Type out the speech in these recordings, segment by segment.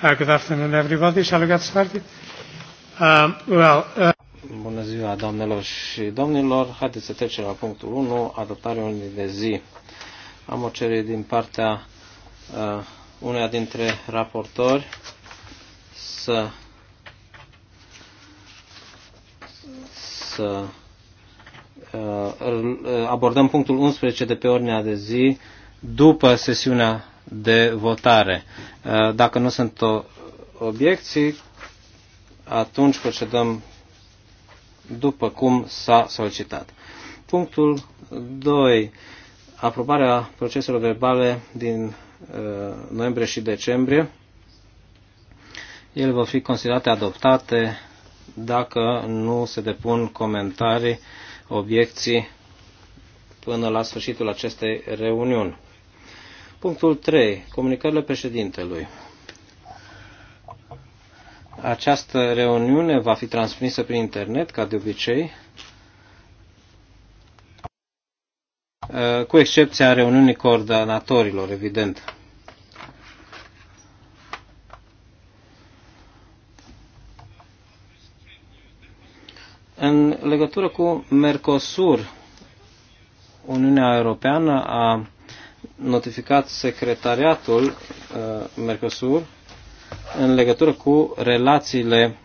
Uh, good afternoon, everybody. Shall we get started? Um, well, uh... Bună ziua, doamnelor și domnilor. Haideți să trecem la punctul 1, adoptarea unui de zi. Am o cerere din partea uh, uneia dintre raportori să să uh, uh abordăm punctul 11 de pe ordinea de zi după sesiunea de votare. Uh, dacă nu sunt obiecții, atunci procedăm după cum s-a solicitat. Punctul 2. Aprobarea proceselor verbale din uh, noiembrie și decembrie. Ele vor fi considerate adoptate dacă nu se depun comentarii, obiecții până la sfârșitul acestei reuniuni. Punctul 3. Comunicările președintelui. Această reuniune va fi transmisă prin internet, ca de obicei, cu excepția reuniunii coordonatorilor, evident. În legătură cu Mercosur, Uniunea Europeană a notificat secretariatul uh, Mercosur în legătură cu relațiile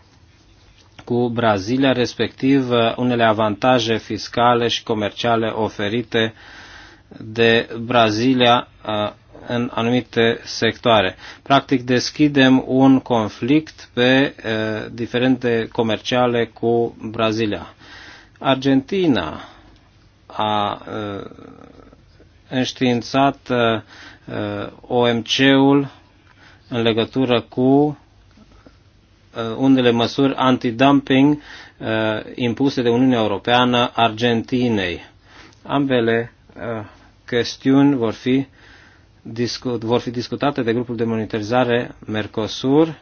cu Brazilia, respectiv uh, unele avantaje fiscale și comerciale oferite de Brazilia uh, în anumite sectoare. Practic deschidem un conflict pe uh, diferente comerciale cu Brazilia. Argentina a înștiințat uh, uh, OMC-ul în legătură cu uh, unele măsuri antidumping impuse de Uniunea Europeană Argentinei. Ambele chestiuni vor fi, discut, vor fi discutate de grupul de monitorizare Mercosur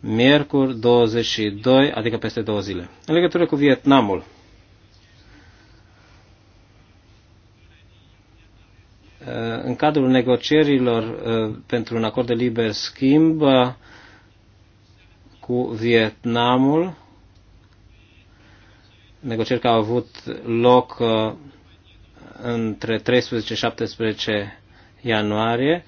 miercuri 22, adică peste două zile. În legătură cu Vietnamul, în cadrul negocierilor uh, pentru un acord de liber schimb uh, cu Vietnamul, negocieri care au avut loc uh, între 13 și 17 ianuarie,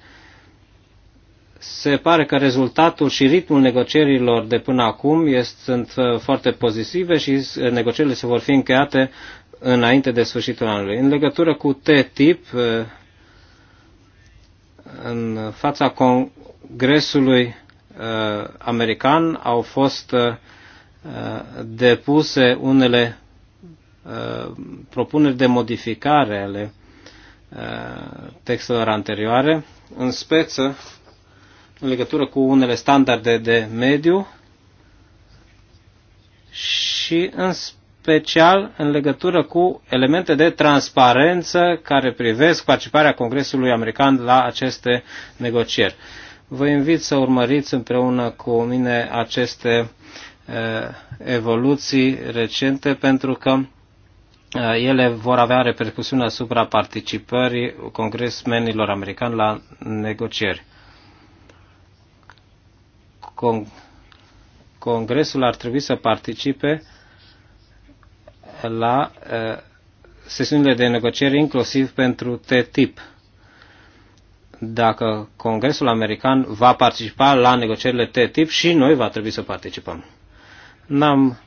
se pare că rezultatul și ritmul negocierilor de până acum este, sunt foarte pozitive și negocierile se vor fi încheiate înainte de sfârșitul anului. În legătură cu T-tip, în fața Congresului uh, american au fost uh, depuse unele uh, propuneri de modificare ale textelor anterioare, în speță în legătură cu unele standarde de mediu și în speță special în legătură cu elemente de transparență care privesc participarea Congresului American la aceste negocieri. Vă invit să urmăriți împreună cu mine aceste eh, evoluții recente pentru că eh, ele vor avea repercusiune asupra participării congresmenilor americani la negocieri. Congresul ar trebui să participe la sesiunile de negociere, inclusiv pentru TTIP. Dacă Congresul American va participa la negocierile TTIP și noi va trebui să participăm. N-am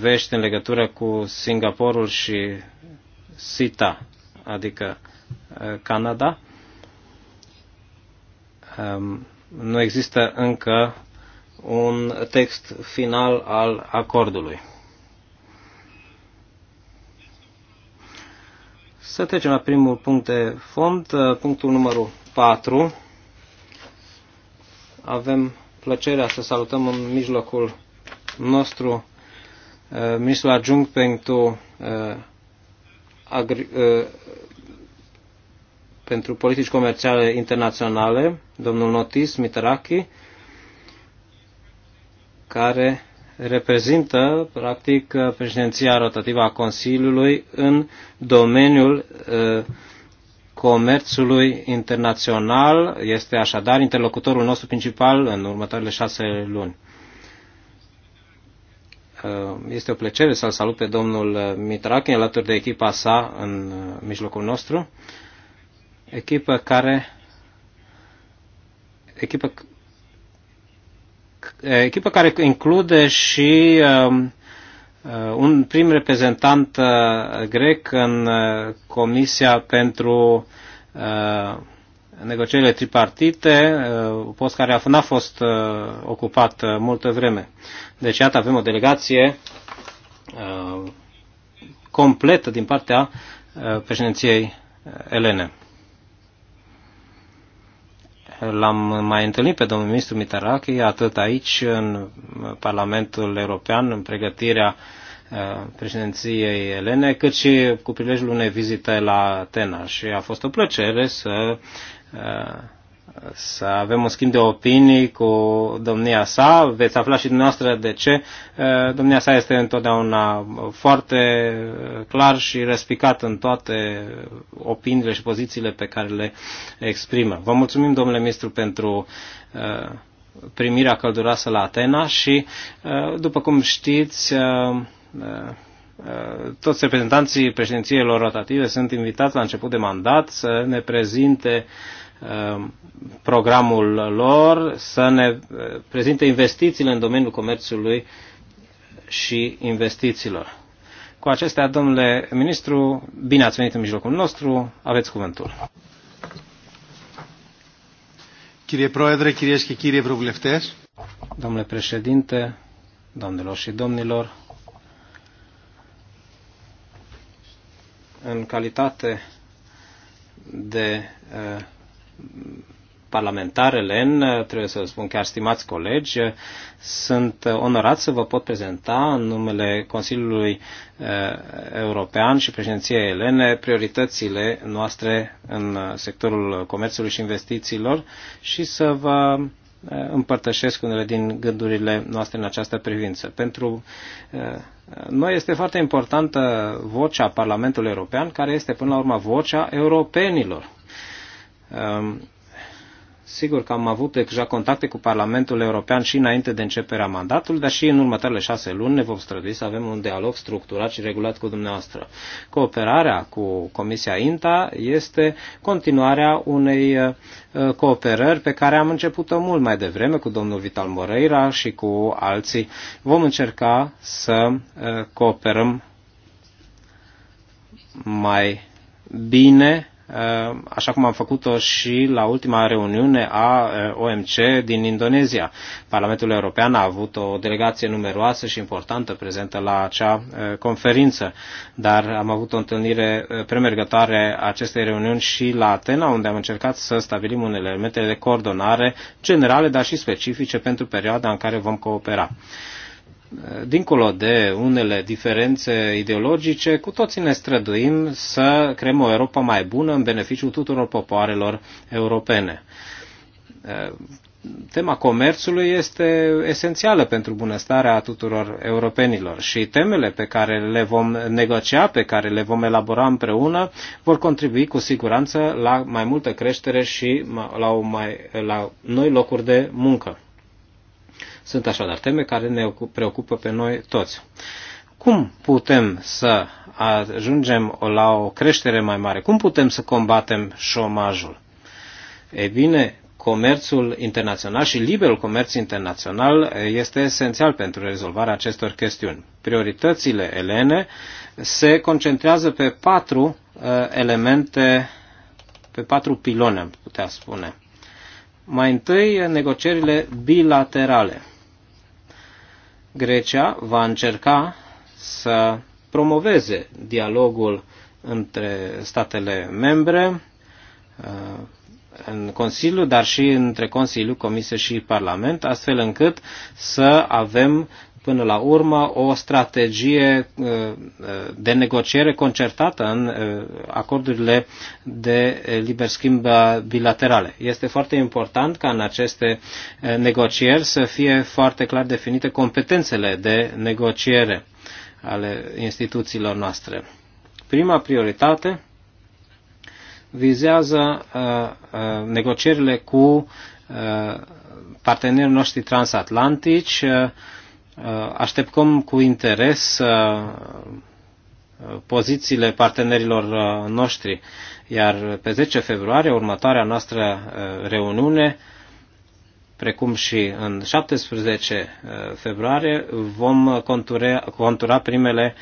vești în legătură cu Singaporul și SITA, adică Canada. Nu există încă un text final al acordului. Să trecem la primul punct de fond, uh, punctul numărul 4. Avem plăcerea să salutăm în mijlocul nostru uh, ministrul adjunct pentru, uh, agri, pentru politici comerciale internaționale, domnul Notis Mitaraki, care reprezintă, practic, președinția rotativă a Consiliului în domeniul comerțului internațional. Este așadar interlocutorul nostru principal în următoarele șase luni. Este o plăcere să-l salut pe domnul Mitrache alături de echipa sa în mijlocul nostru. Echipă care echipă echipă care include și un prim reprezentant grec în Comisia pentru negocierile tripartite, post care n-a fost ocupat multă vreme. Deci, iată, avem o delegație completă din partea președinției elene. L-am mai întâlnit pe domnul ministru Mitarache, atât aici, în Parlamentul European, în pregătirea uh, președinției Elene, cât și cu prilejul unei vizite la Atena. Și a fost o plăcere să uh, să avem un schimb de opinii cu domnia sa. Veți afla și dumneavoastră de ce. Eh, domnia sa este întotdeauna foarte eh, clar și respicat în toate opiniile și pozițiile pe care le exprimă. Vă mulțumim, domnule ministru, pentru eh, primirea călduroasă la Atena și, după cum știți, toți reprezentanții lor rotative sunt invitați la început de mandat să ne prezinte uh, Um, programul lor, să ne uh, prezinte investițiile în domeniul comerțului și investițiilor. Cu acestea, domnule ministru, bine ați venit în mijlocul nostru, aveți cuvântul. Chirie Proedre, chirie și chirie Vruvleftes. Domnule președinte, domnilor și domnilor, în calitate de uh, parlamentar elen, trebuie să spun chiar stimați colegi, sunt onorat să vă pot prezenta în numele Consiliului eh, European și președinției elene prioritățile noastre în sectorul comerțului și investițiilor și să vă eh, împărtășesc unele din gândurile noastre în această privință. Pentru eh, noi este foarte importantă vocea Parlamentului European, care este până la urmă vocea europenilor Um, sigur că am avut deja contacte cu Parlamentul European și înainte de începerea mandatului, dar și în următoarele șase luni ne vom strădui să avem un dialog structurat și regulat cu dumneavoastră. Cooperarea cu Comisia INTA este continuarea unei uh, cooperări pe care am început-o mult mai devreme cu domnul Vital Moreira și cu alții. Vom încerca să uh, cooperăm mai bine Uh, așa cum am făcut-o și la ultima reuniune a uh, OMC din Indonezia. Parlamentul European a avut o delegație numeroasă și importantă prezentă la acea uh, conferință, dar am avut o întâlnire premergătoare a acestei reuniuni și la Atena, unde am încercat să stabilim unele elemente de coordonare generale, dar și specifice pentru perioada în care vom coopera dincolo de unele diferențe ideologice, cu toții ne străduim să creăm o Europa mai bună în beneficiul tuturor popoarelor europene. Tema comerțului este esențială pentru bunăstarea tuturor europenilor și temele pe care le vom negocia, pe care le vom elabora împreună, vor contribui cu siguranță la mai multă creștere și la, o mai, la noi locuri de muncă. Sunt așadar teme care ne preocupă pe noi toți. Cum putem să ajungem la o creștere mai mare? Cum putem să combatem șomajul? E bine, comerțul internațional și liberul comerț internațional eh, este esențial pentru rezolvarea acestor chestiuni. Prioritățile elene se concentrează pe patru eh, elemente, pe patru pilone, am putea spune. Mai întâi, eh, negocierile bilaterale. Grecia va încerca să promoveze dialogul între statele membre uh, în Consiliu, dar și între Consiliu, Comisie și Parlament, astfel încât să avem până la urmă o strategie uh, uh, de negociere concertată în uh, acordurile de liber schimb bilaterale. Este foarte important ca în aceste negocieri să fie foarte clar definite competențele de negociere ale instituțiilor noastre. Prima prioritate vizează negocierile cu partenerii noștri transatlantici, Uh, Așteptăm cu interes uh, pozițiile partenerilor uh, noștri, iar pe 10 februarie, următoarea noastră reuniune, precum și în 17 februarie, vom contura, contura primele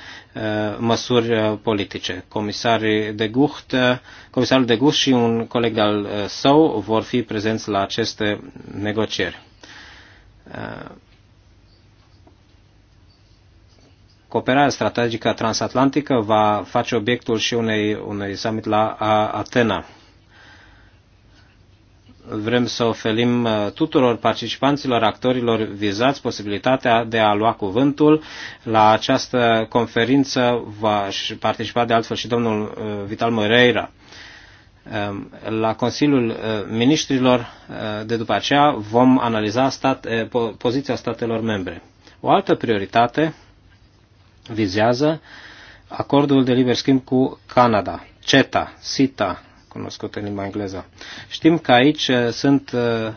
măsuri politice. Comisarii de Gucht, comisarul de Gucht și un coleg al său vor fi prezenți la aceste negocieri. Cooperarea strategică transatlantică va face obiectul și unei, unei summit la Atena. Vrem să oferim uh, tuturor participanților, actorilor vizați posibilitatea de a lua cuvântul. La această conferință va participa de altfel și domnul uh, Vital Moreira um, la Consiliul uh, Ministrilor de după aceea vom analiza stat, poziția statelor membre. O altă prioritate vizează acordul de liber schimb cu Canada, CETA, SITA, cunoscut în limba engleză. Știm că aici uh, sunt uh,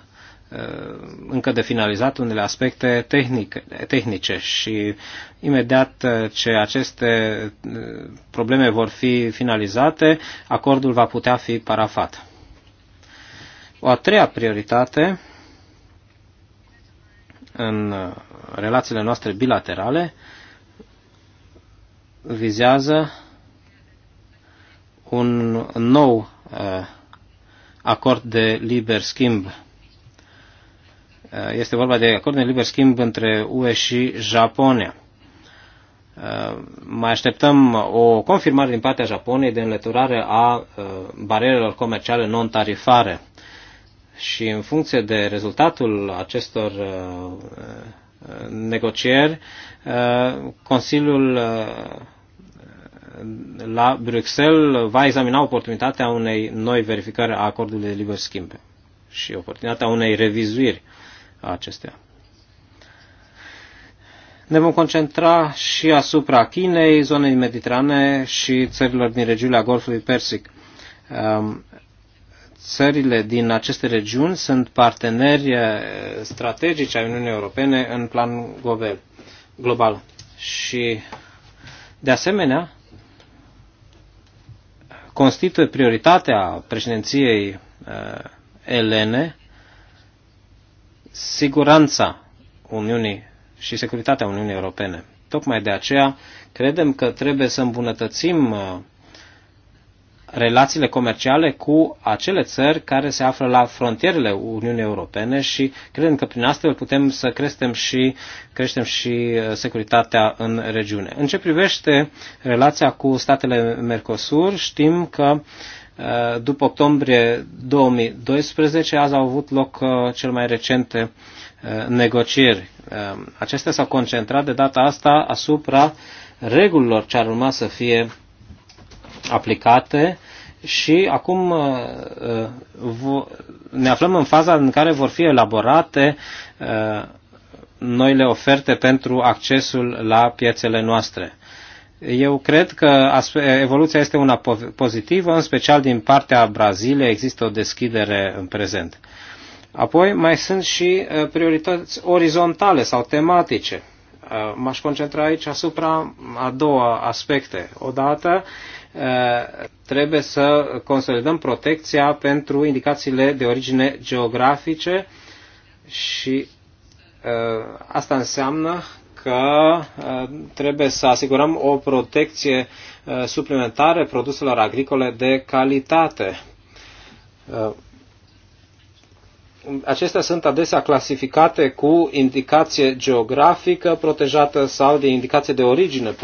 uh, încă de finalizat unele aspecte tehnice, tehnice și imediat ce aceste probleme vor fi finalizate, acordul va putea fi parafat. O a treia prioritate în relațiile noastre bilaterale vizează un nou uh, acord de liber schimb. Uh, este vorba de acord de liber schimb între UE și Japonia. Uh, mai așteptăm o confirmare din partea Japoniei de înlăturare a barierelor comerciale non-tarifare. Și în funcție de rezultatul acestor negocieri, Consiliul uh, la Bruxelles va examina oportunitatea unei noi verificări a acordului de liber schimb și oportunitatea unei revizuiri a acestea. Ne vom concentra și asupra Chinei, zonei mediterane și țărilor din regiunea Golfului Persic. Um, țările din aceste regiuni sunt parteneri eh, strategici ai Uniunii Europene în plan global. Și, de asemenea, constituie prioritatea președinției eh, elene siguranța Uniunii și securitatea Uniunii Europene. Tocmai de aceea credem că trebuie să îmbunătățim eh, relațiile comerciale cu acele țări care se află la frontierele Uniunii Europene și credem că prin astfel putem să creștem și, creștem și uh, securitatea în regiune. În ce privește relația cu statele Mercosur, știm că uh, după octombrie 2012 azi au avut loc uh, cel mai recente negocieri. Acestea s-au concentrat de data asta asupra regulilor ce ar urma să fie aplicate și acum uh, uh, ne aflăm în faza în care vor fi elaborate uh, noile oferte pentru accesul la piețele noastre. Eu cred că evoluția este una pozitivă, în special din partea Braziliei există o deschidere în prezent. Apoi mai sunt și priorități orizontale sau tematice. M-aș concentra aici asupra a două aspecte. Odată, trebuie să consolidăm protecția pentru indicațiile de origine geografice și uh, asta înseamnă că uh, trebuie să asigurăm o protecție uh, suplimentară produselor agricole de calitate. Acestea sunt adesea clasificate cu indicație geografică protejată sau de indicație de origine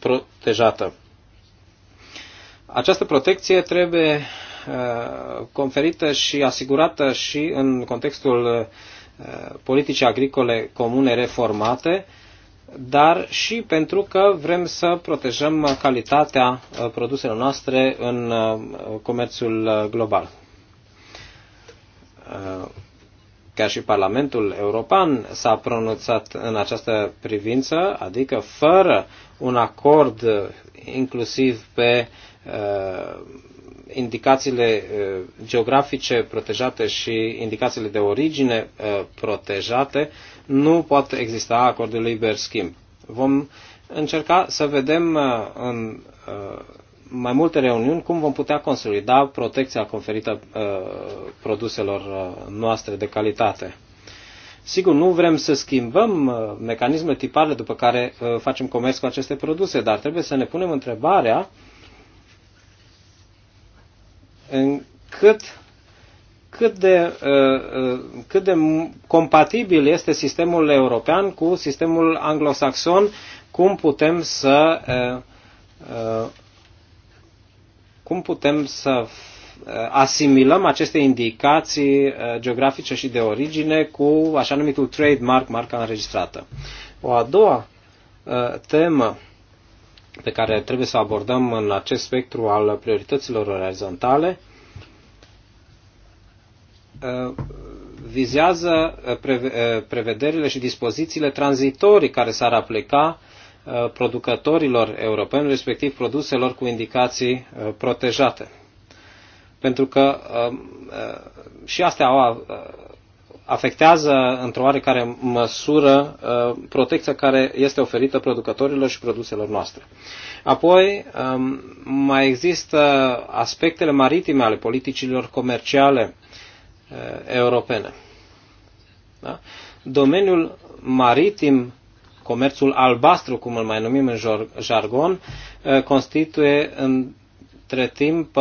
protejată. Această protecție trebuie uh, conferită și asigurată și în contextul uh, politicii agricole comune reformate, dar și pentru că vrem să protejăm calitatea uh, produselor noastre în comerțul global. Chiar și Parlamentul European s-a pronunțat în această privință, adică fără un acord inclusiv pe uh, Uh, indicațiile uh, geografice protejate și indicațiile de origine uh, protejate, nu pot exista acordul liber schimb. Vom încerca să vedem în mai multe reuniuni cum vom putea consolida protecția conferită produselor noastre de calitate. Sigur, nu vrem să schimbăm mecanisme tipare după care facem comerț cu aceste produse, dar trebuie să ne punem întrebarea cât cât de, uh, uh, cât de compatibil este sistemul european cu sistemul anglosaxon, cum putem să uh, cum putem să asimilăm aceste indicații geografice și de origine cu așa numitul trademark, marca înregistrată. O a doua temă pe care trebuie să abordăm în acest spectru al priorităților orizontale uh, vizează uh, uh, prevederile și dispozițiile tranzitorii care s-ar aplica producătorilor europeni, respectiv produselor cu indicații protejate. Pentru că și astea au afectează într-o oarecare măsură uh, protecția care este oferită producătorilor și produselor noastre. Apoi, um, mai există aspectele maritime ale politicilor comerciale uh, europene. Da? Domeniul maritim, comerțul albastru, cum îl mai numim în jargon, uh, constituie în între timp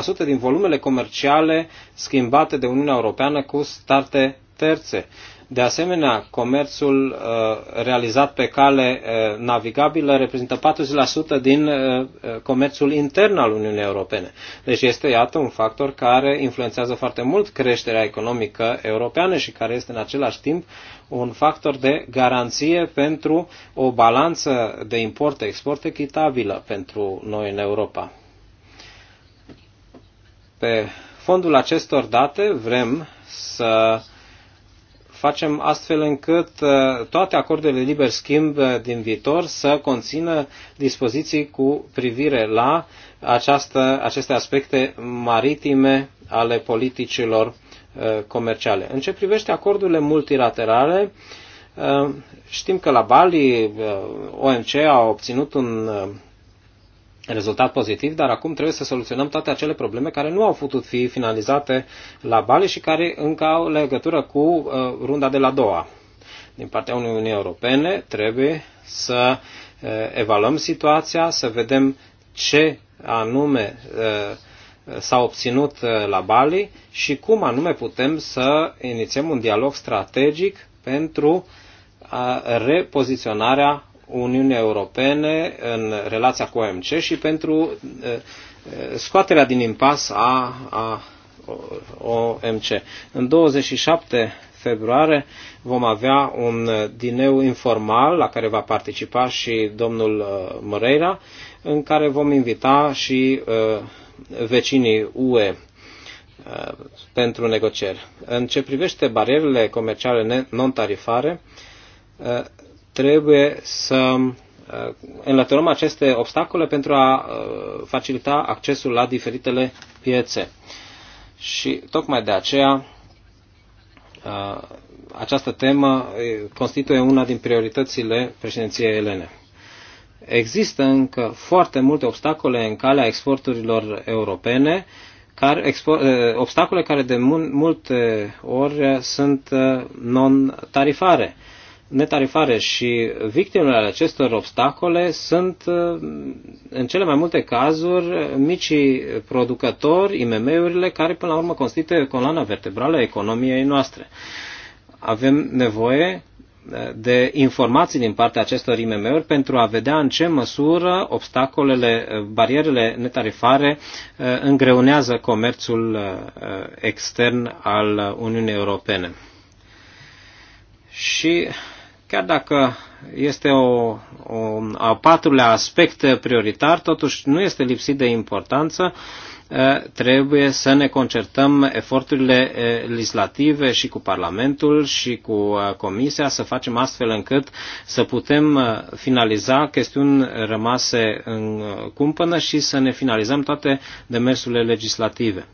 80% din volumele comerciale schimbate de Uniunea Europeană cu state terțe. De asemenea, comerțul uh, realizat pe cale uh, navigabilă reprezintă 40% din uh, comerțul intern al Uniunii Europene. Deci este, iată, un factor care influențează foarte mult creșterea economică europeană și care este în același timp un factor de garanție pentru o balanță de import-export echitabilă pentru noi în Europa. Pe fondul acestor date vrem să facem astfel încât uh, toate acordurile de liber schimb uh, din viitor să conțină dispoziții cu privire la această, aceste aspecte maritime ale politicilor uh, comerciale. În ce privește acordurile multilaterale, știm că la Bali OMC a obținut un rezultat pozitiv, dar acum trebuie să soluționăm toate acele probleme care nu au putut fi finalizate la Bali și care încă au legătură cu uh, runda de la doua. Din partea Uniunii Europene trebuie să uh, evaluăm situația, să vedem ce anume uh, s-a obținut uh, la Bali și cum anume putem să inițiem un dialog strategic pentru uh, repoziționarea Uniunii Europene în relația cu OMC și pentru uh, uh, scoaterea din impas a, a OMC. În 27 februarie vom avea un dineu informal la care va participa și domnul uh, Moreira, în care vom invita și vecinii UE pentru negocieri. În ce privește barierele comerciale non-tarifare, trebuie să uh, înlăturăm aceste obstacole pentru a uh, facilita accesul la diferitele piețe. Și tocmai de aceea uh, această temă constituie una din prioritățile președinției elene. Există încă foarte multe obstacole în calea exporturilor europene, care, expor, obstacole care de multe ori sunt non-tarifare netarifare și victimele acestor obstacole sunt, uh, în cele mai multe cazuri, micii producători, IMM-urile, care până la urmă constituie coloana vertebrală a economiei noastre. Avem nevoie uh, de informații din partea acestor IMM-uri pentru a vedea în ce măsură obstacolele, uh, barierele netarifare îngreunează comerțul extern al Uniunii Europene. Și Chiar dacă este o, o a patrulea aspect prioritar, totuși nu este lipsit de importanță. Trebuie să ne concertăm eforturile legislative și cu Parlamentul și cu Comisia să facem astfel încât să putem finaliza chestiuni rămase în cumpănă și să ne finalizăm toate demersurile legislative.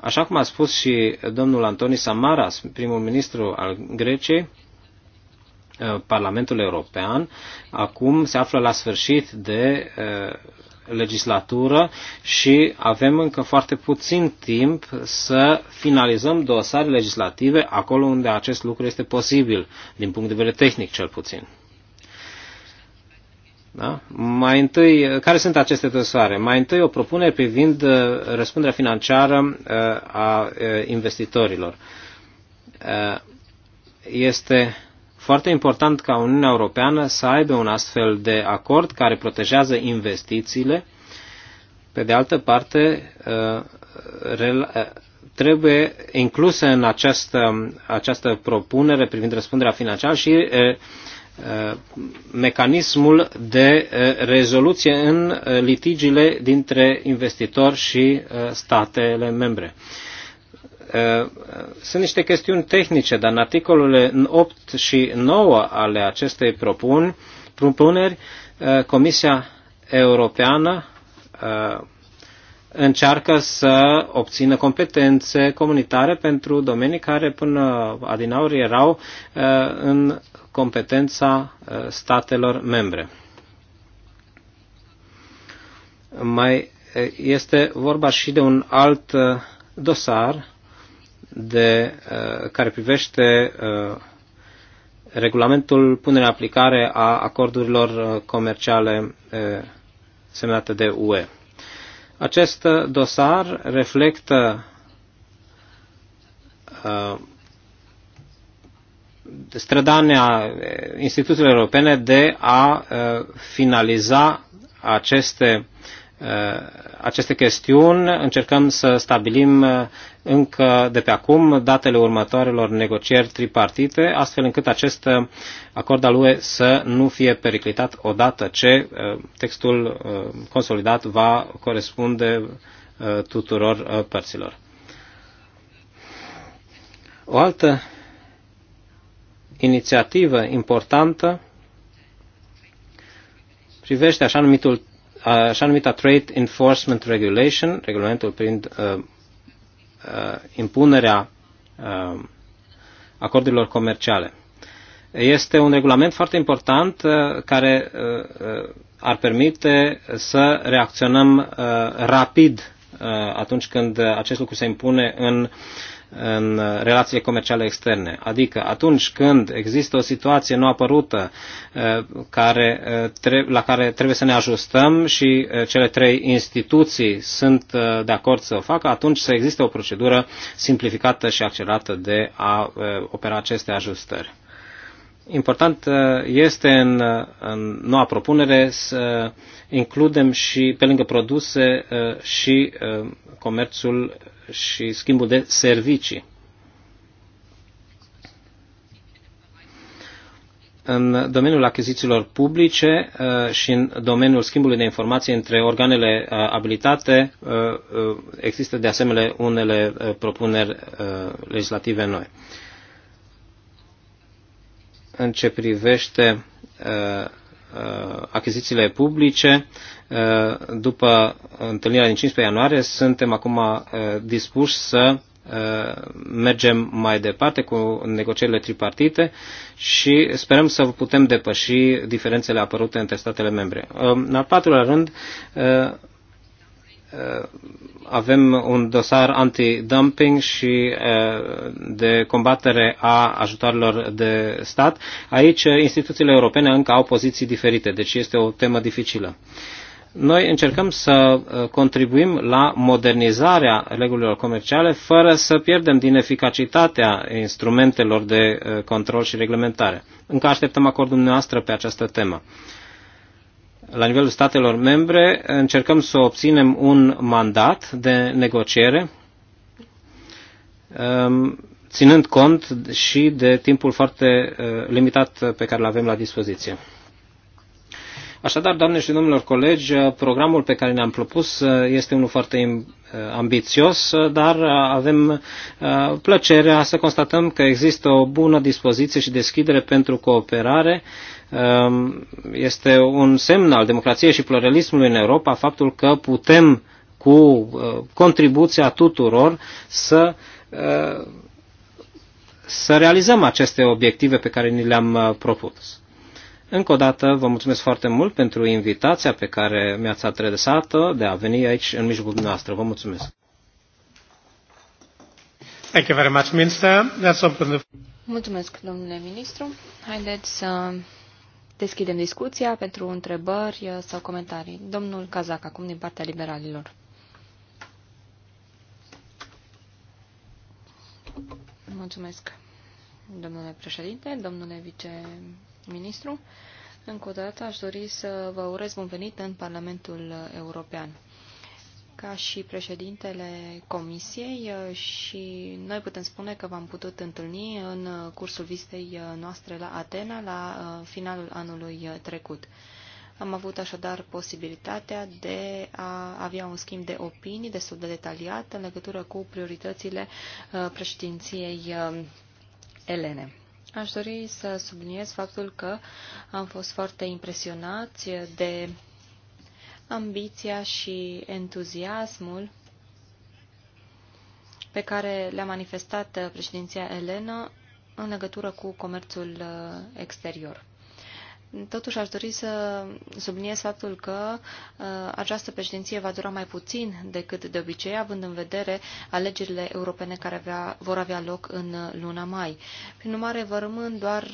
Așa cum a spus și domnul Antoni Samaras, primul ministru al Greciei, Eh, Parlamentul European acum se află la sfârșit de eh, legislatură și avem încă foarte puțin timp să finalizăm dosare legislative acolo unde acest lucru este posibil, din punct de vedere tehnic cel puțin. Da? Mai întâi, care sunt aceste dosare? Mai întâi o propunere privind eh, răspunderea financiară a investitorilor. Este foarte important ca Uniunea Europeană să aibă un astfel de acord care protejează investițiile. Pe de altă parte, uh, uh, trebuie inclusă în această, această propunere privind răspunderea financiară și uh, mecanismul de rezoluție în litigiile dintre investitori și statele membre. Sunt niște chestiuni tehnice, dar în articolele 8 și 9 ale acestei propun, propuneri, Comisia Europeană încearcă să obțină competențe comunitare pentru domenii care până adinauri erau în competența statelor membre. Mai este vorba și de un alt dosar de, uh, care privește uh, regulamentul punerea aplicare a acordurilor uh, comerciale semnate de UE. Acest dosar reflectă strădania instituțiilor europene de a finaliza aceste Eh, aceste chestiuni, încercăm să stabilim eh, încă de pe acum datele următoarelor negocieri tripartite, astfel încât acest eh, acord al UE să nu fie periclitat odată ce textul consolidat va corespunde tuturor părților. O altă inițiativă importantă privește așa numitul Uh, așa numita Trade Enforcement Regulation, regulamentul prin uh, uh, impunerea uh, acordurilor comerciale. Este un regulament foarte important uh, care uh, uh ar permite să reacționăm uh, rapid uh, atunci când uh, acest lucru se impune în uh, în uh, relațiile comerciale externe. Adică atunci când există o situație nu apărută uh, care, uh, la care trebuie să ne ajustăm și cele trei instituții sunt de acord să o facă, atunci să existe o procedură simplificată și accelerată de a opera aceste ajustări. Important este în, în noua propunere să includem și, pe lângă produse, uh, și uh, comerțul și schimbul de servicii. în domeniul achizițiilor publice uh, și în domeniul schimbului de informații între organele abilitate există de asemenea unele propuneri legislative noi. În ce privește Uh, achizițiile publice. Uh, după întâlnirea din 15 ianuarie, suntem acum uh, dispuși să mergem mai departe cu negocierile tripartite și sperăm să putem depăși diferențele apărute între statele membre. În al patrulea rând, Uh, avem un dosar anti-dumping și uh, de combatere a ajutoarelor de stat. Aici uh, instituțiile europene încă au poziții diferite, deci este o temă dificilă. Noi încercăm să contribuim la modernizarea regulilor comerciale fără să pierdem din eficacitatea instrumentelor de control și reglementare. Încă așteptăm acordul dumneavoastră pe această temă la nivelul statelor membre, încercăm să obținem un mandat de negociere, um, ținând cont și de timpul foarte uh, limitat pe care îl avem la dispoziție. Așadar, doamne și domnilor colegi, uh, programul pe care ne-am propus uh, este unul foarte ambițios, dar avem plăcerea să constatăm că există o bună dispoziție și deschidere pentru cooperare Um, este un semn al democrației și pluralismului în Europa faptul că putem cu uh, contribuția tuturor să uh, să realizăm aceste obiective pe care ni le-am uh, propus. Încă o dată vă mulțumesc foarte mult pentru invitația pe care mi-ați adresat-o de a veni aici în mijlocul dumneavoastră. Vă mulțumesc. Thank you very much, Minister. That's open the... Mulțumesc, domnule ministru. Haideți să Deschidem discuția pentru întrebări uh, sau comentarii. Domnul Cazac, acum din partea liberalilor. Mulțumesc, domnule președinte, domnule viceministru. Încă o dată aș dori să vă urez bun venit în Parlamentul European ca și președintele comisiei uh, și noi putem spune că v-am putut întâlni în cursul vizitei uh, noastre la Atena la uh, finalul anului trecut. Am avut așadar posibilitatea de a avea un schimb de opinii destul de detaliat în legătură cu prioritățile președinției Elene. Aș dori să subliniez faptul că am fost foarte impresionați de ambiția și entuziasmul pe care le-a manifestat președinția Elena în legătură cu comerțul uh, exterior. Totuși aș dori să subliniez faptul că uh, această președinție va dura mai puțin decât de obicei, având în vedere alegerile europene care avea, vor avea loc în luna mai. Prin urmare, vă rămân doar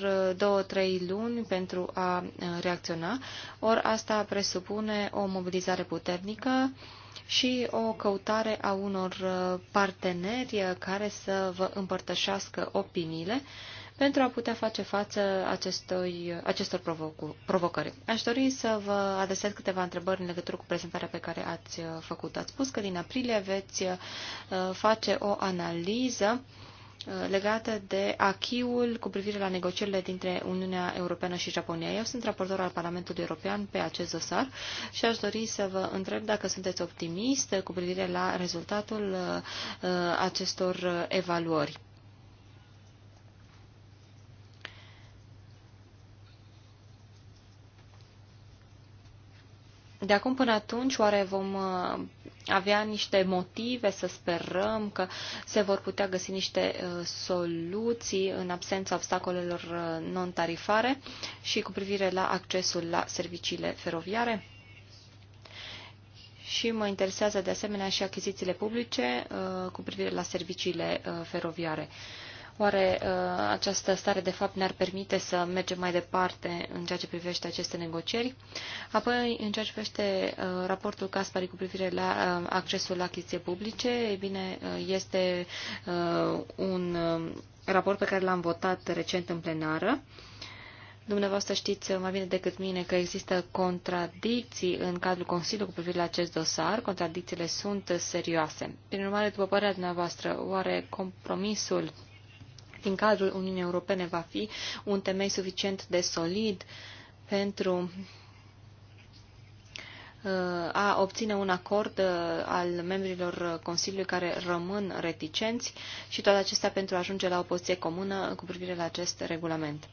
2-3 uh, luni pentru a uh, reacționa, ori asta presupune o mobilizare puternică și o căutare a unor uh, parteneri care să vă împărtășească opiniile, uh, pentru a putea face față acestui, acestor provocu, provocări. Aș dori să vă adresez câteva întrebări în legătură cu prezentarea pe care ați uh, făcut. Ați spus că din aprilie veți uh, face o analiză uh, legată de achiul cu privire la negocierile dintre Uniunea Europeană și Japonia. Eu sunt raportor al Parlamentului European pe acest dosar și aș dori să vă întreb dacă sunteți optimist cu privire la rezultatul acestor evaluări. De acum până atunci, oare vom uh, avea niște motive să sperăm că se vor putea găsi niște uh, soluții în absența obstacolelor uh, non-tarifare și cu privire la accesul la serviciile feroviare? Și mă interesează de asemenea și achizițiile publice cu privire la serviciile feroviare. Oare uh, această stare de fapt ne-ar permite să mergem mai departe în ceea ce privește aceste negocieri? Apoi, în ceea ce privește uh, raportul Caspari cu privire la uh, accesul la achiziție publice, e bine, este un raport pe care l-am votat recent în plenară. Dumneavoastră știți mai bine decât mine că există contradicții în cadrul Consiliului cu privire la acest dosar. Contradicțiile sunt serioase. Prin urmare, după părerea dumneavoastră, oare compromisul din cadrul Uniunii Europene va fi un temei suficient de solid pentru uh, a obține un acord uh, al membrilor Consiliului care rămân reticenți și toate acestea pentru a ajunge la o poziție comună cu privire la acest regulament.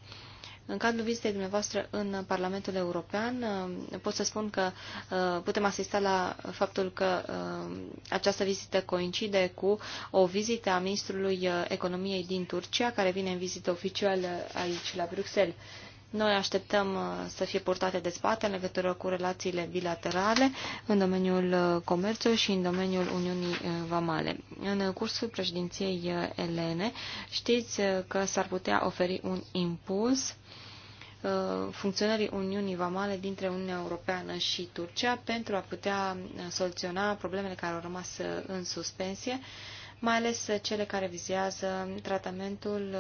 În cadrul vizitei dumneavoastră în Parlamentul European, uh, pot să spun că uh, putem asista la faptul că uh, această vizită coincide cu o vizită a Ministrului Economiei din Turcia, care vine în vizită oficială aici, la Bruxelles. Noi așteptăm să fie de spate în legătură cu relațiile bilaterale în domeniul comerțului și în domeniul Uniunii Vamale. În cursul președinției Elene știți că s-ar putea oferi un impuls Uh, funcționării Uniunii Vamale dintre Uniunea Europeană și Turcia pentru a putea uh, soluționa problemele care au rămas uh, în suspensie, mai ales cele care vizează tratamentul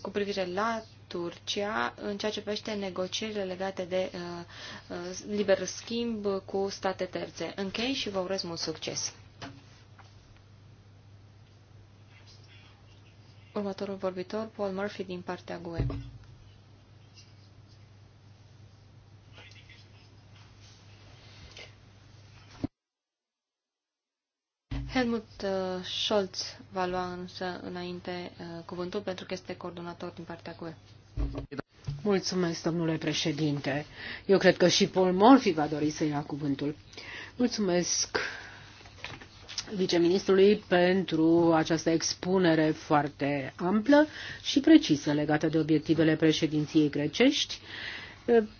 cu privire la Turcia în ceea ce privește negocierile legate de liber schimb cu state terțe. Închei și vă urez mult succes! Următorul vorbitor, Paul Murphy din partea GUE. Helmut uh, Scholz va lua însă înainte uh, cuvântul pentru că este coordonator din partea GUE. Mulțumesc, domnule președinte. Eu cred că și Paul Morphy va dori să ia cuvântul. Mulțumesc viceministrului pentru această expunere foarte amplă și precisă legată de obiectivele președinției grecești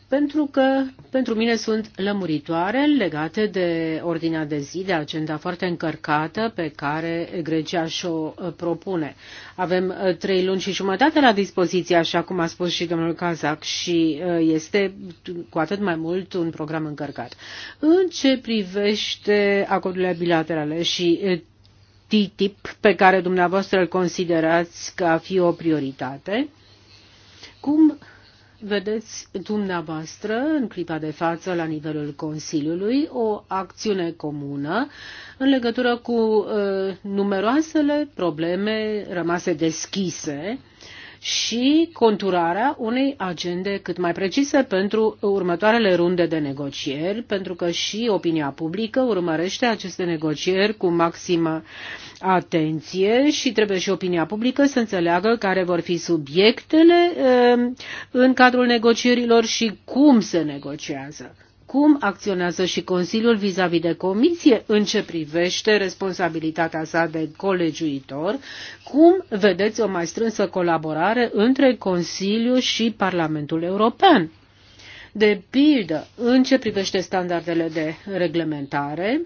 pentru că pentru mine sunt lămuritoare legate de ordinea de zi, de agenda foarte încărcată pe care Grecia și-o uh, propune. Avem uh, trei luni și jumătate la dispoziție, așa cum a spus și domnul Cazac, și uh, este cu atât mai mult un program încărcat. În ce privește acordurile bilaterale și TTIP, pe care dumneavoastră îl considerați ca a fi o prioritate, cum vedeți dumneavoastră în clipa de față la nivelul Consiliului o acțiune comună în legătură cu uh, numeroasele probleme rămase deschise uh, și conturarea unei agende cât mai precise pentru următoarele runde de negocieri, pentru că și opinia publică urmărește aceste negocieri cu maximă atenție și trebuie și opinia publică să înțeleagă care vor fi subiectele eh, în cadrul negocierilor și cum se negociază cum acționează și Consiliul vis-a-vis -vis de Comisie în ce privește responsabilitatea sa de colegiuitor, cum vedeți o mai strânsă colaborare între Consiliu și Parlamentul European. De pildă, în ce privește standardele de reglementare,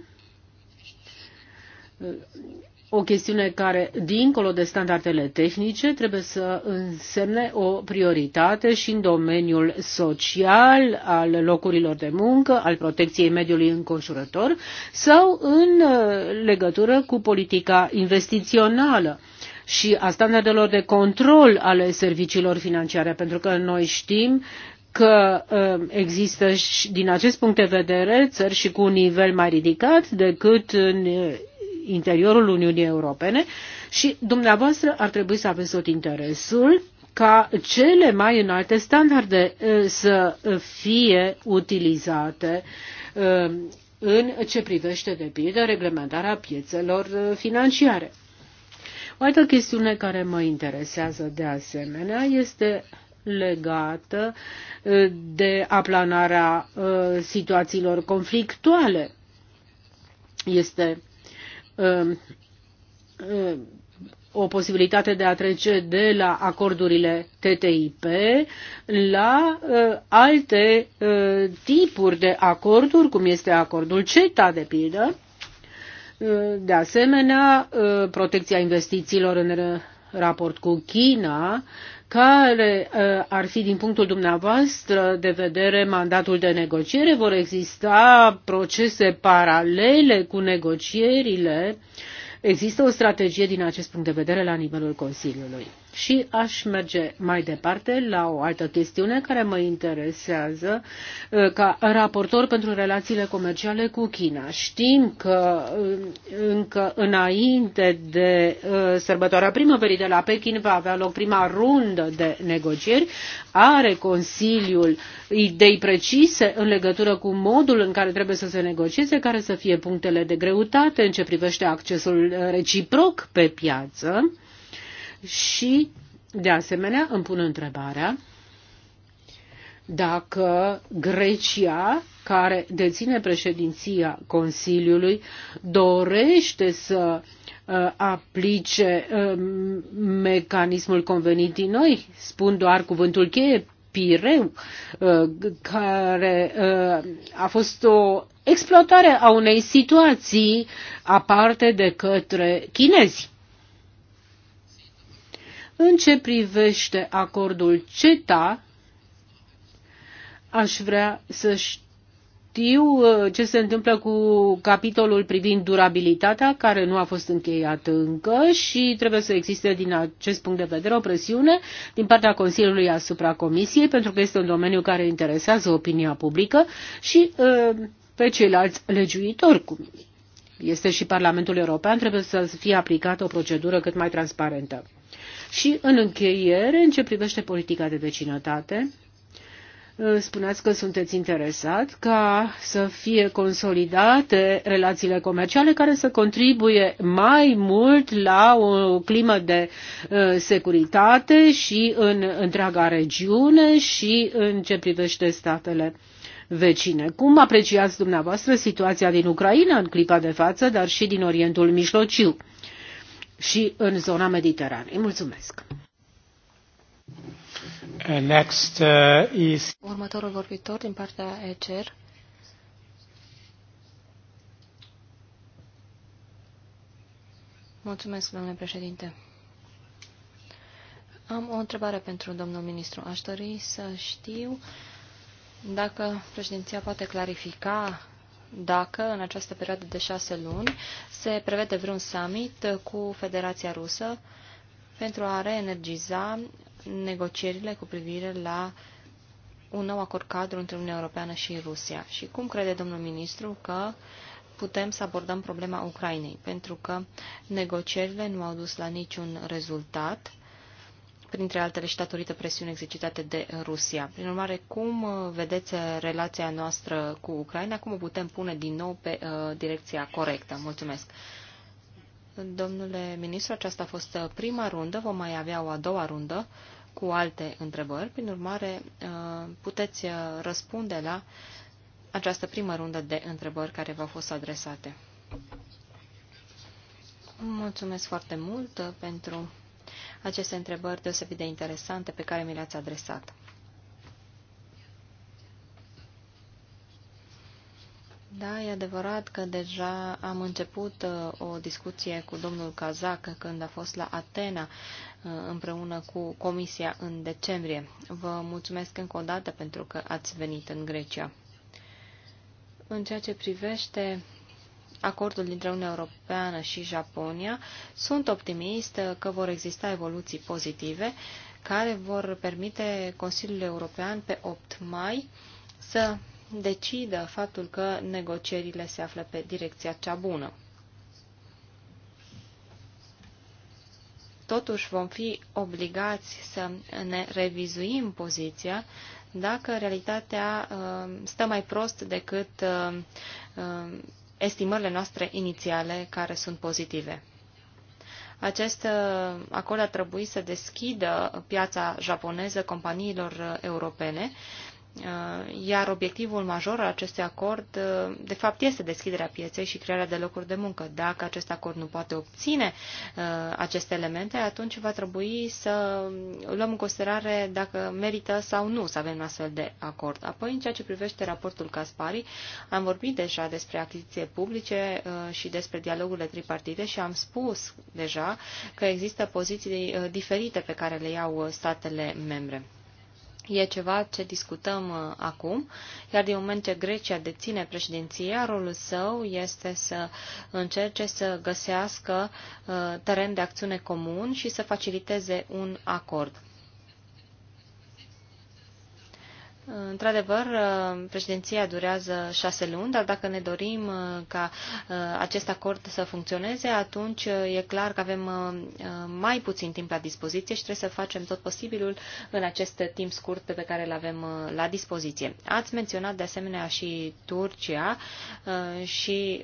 o chestiune care, dincolo de standardele tehnice, trebuie să însemne o prioritate și în domeniul social, al locurilor de muncă, al protecției mediului înconjurător sau în uh, legătură cu politica investițională și a standardelor de control ale serviciilor financiare, pentru că noi știm că uh, există și din acest punct de vedere țări și cu un nivel mai ridicat decât în interiorul Uniunii Europene și dumneavoastră ar trebui să aveți tot interesul ca cele mai înalte standarde eh, să fie utilizate eh, în ce privește de pildă reglementarea piețelor eh, financiare. O altă chestiune care mă interesează de asemenea este legată de aplanarea situațiilor conflictuale. Este Um, um, o posibilitate de a trece de la acordurile TTIP la uh, alte uh, tipuri de acorduri, cum este acordul CETA, de pildă. Uh, de asemenea, uh, protecția investițiilor în raport cu China, care uh, ar fi din punctul dumneavoastră de vedere mandatul de negociere? Vor exista procese paralele cu negocierile? Există o strategie din acest punct de vedere la nivelul Consiliului. Și aș merge mai departe la o altă chestiune care mă interesează uh, ca raportor pentru relațiile comerciale cu China. Știm că uh, încă înainte de uh, sărbătoarea primăverii de la Pekin va avea loc prima rundă de negocieri. Are Consiliul idei precise în legătură cu modul în care trebuie să se negocieze, care să fie punctele de greutate în ce privește accesul reciproc pe piață și, de asemenea, îmi pun întrebarea dacă Grecia, care deține președinția Consiliului, dorește să uh, aplice um, mecanismul convenit din noi, spun doar cuvântul cheie, Pireu, uh, care uh, a fost o exploatare a unei situații aparte de către chinezi. În ce privește acordul CETA, aș vrea să știu uh, ce se întâmplă cu capitolul privind durabilitatea, care nu a fost încheiat încă și trebuie să existe din acest punct de vedere o presiune din partea Consiliului asupra Comisiei, pentru că este un domeniu care interesează opinia publică și uh, pe ceilalți legiuitori, cu este și Parlamentul European, trebuie să fie aplicată o procedură cât mai transparentă. Și în încheiere, în ce privește politica de vecinătate, uh, spuneați că sunteți interesat ca să fie consolidate relațiile comerciale care să contribuie mai mult la o climă de uh, securitate și în întreaga regiune și în ce privește statele vecine. Cum apreciați dumneavoastră situația din Ucraina în clipa de față, dar și din Orientul Mijlociu? și în zona Mediteranei. Mulțumesc! Uh, next, uh, is... Următorul vorbitor din partea ECR. Mulțumesc, domnule președinte. Am o întrebare pentru domnul ministru. Aș dori să știu dacă președinția poate clarifica dacă în această perioadă de șase luni se prevede vreun summit cu Federația Rusă pentru a reenergiza negocierile cu privire la un nou acord cadru între Uniunea Europeană și Rusia. Și cum crede domnul ministru că putem să abordăm problema Ucrainei? Pentru că negocierile nu au dus la niciun rezultat printre altele și datorită presiunii exercitate de Rusia. Prin urmare, cum uh, vedeți uh, relația noastră cu Ucraina? Cum o putem pune din nou pe uh, direcția corectă? Mulțumesc! Domnule ministru, aceasta a fost uh, prima rundă, vom mai avea o a doua rundă cu alte întrebări. Prin urmare, puteți răspunde la această primă rundă de întrebări care v-au fost adresate. Mulțumesc foarte mult pentru aceste întrebări deosebit de interesante pe care mi le-ați adresat. Da, e adevărat că deja am început uh, o discuție cu domnul Cazac când a fost la Atena uh, împreună cu Comisia în decembrie. Vă mulțumesc încă o dată pentru că ați venit în Grecia. În ceea ce privește acordul dintre Uniunea Europeană și Japonia, sunt optimist că vor exista evoluții pozitive care vor permite Consiliul European pe 8 mai să decidă faptul că negocierile se află pe direcția cea bună. Totuși vom fi obligați să ne revizuim poziția dacă realitatea uh, stă mai prost decât uh, uh, estimările noastre inițiale care sunt pozitive. Acest uh, acord ar trebui să deschidă piața japoneză companiilor uh, europene Uh, iar obiectivul major al acestui acord, uh, de fapt, este deschiderea pieței și crearea de locuri de muncă. Dacă acest acord nu poate obține uh, aceste elemente, atunci va trebui să luăm în considerare dacă merită sau nu să avem un astfel de acord. Apoi, în ceea ce privește raportul Caspari, am vorbit deja despre achiziție publice și despre dialogurile tripartite și am spus deja că există poziții diferite pe care le iau statele membre. E ceva ce discutăm uh, acum, iar din moment ce Grecia deține președinția, rolul său este să încerce să găsească uh, teren de acțiune comun și să faciliteze un acord. Într-adevăr, uh, președinția durează șase luni, dar dacă ne dorim uh, ca uh, acest acord să funcționeze, atunci e clar că avem mai puțin timp la dispoziție și trebuie să facem tot posibilul în acest timp scurt pe care îl avem la dispoziție. Ați menționat de asemenea și Turcia și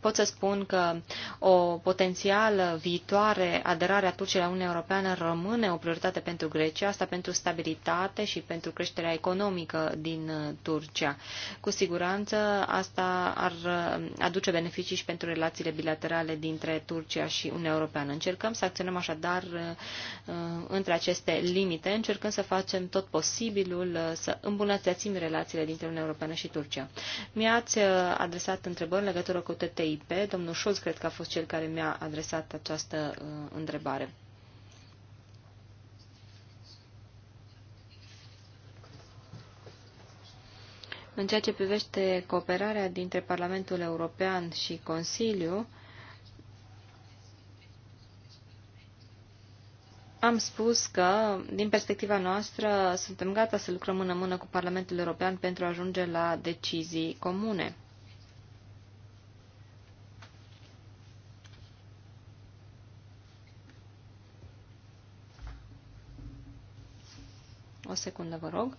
pot să spun că o potențială viitoare aderare a Turciei la Uniunea Europeană rămâne o prioritate pentru Grecia, asta pentru stabilitate și pentru creșterea economică din uh, Turcia. Cu siguranță asta ar uh, aduce beneficii și pentru relațiile bilaterale dintre Turcia și Uniunea Europeană. Încercăm să acționăm așadar uh, între aceste limite, încercând să facem tot posibilul să îmbunătățim relațiile dintre Uniunea Europeană și Turcia. Mi-ați adresat întrebări în legătură cu TTI EIP. Domnul Scholz cred că a fost cel care mi-a adresat această uh, întrebare. În ceea ce privește cooperarea dintre Parlamentul European și Consiliu, Am spus că, din perspectiva noastră, suntem gata să lucrăm mână-mână cu Parlamentul European pentru a ajunge la decizii comune. O secundă, vă rog.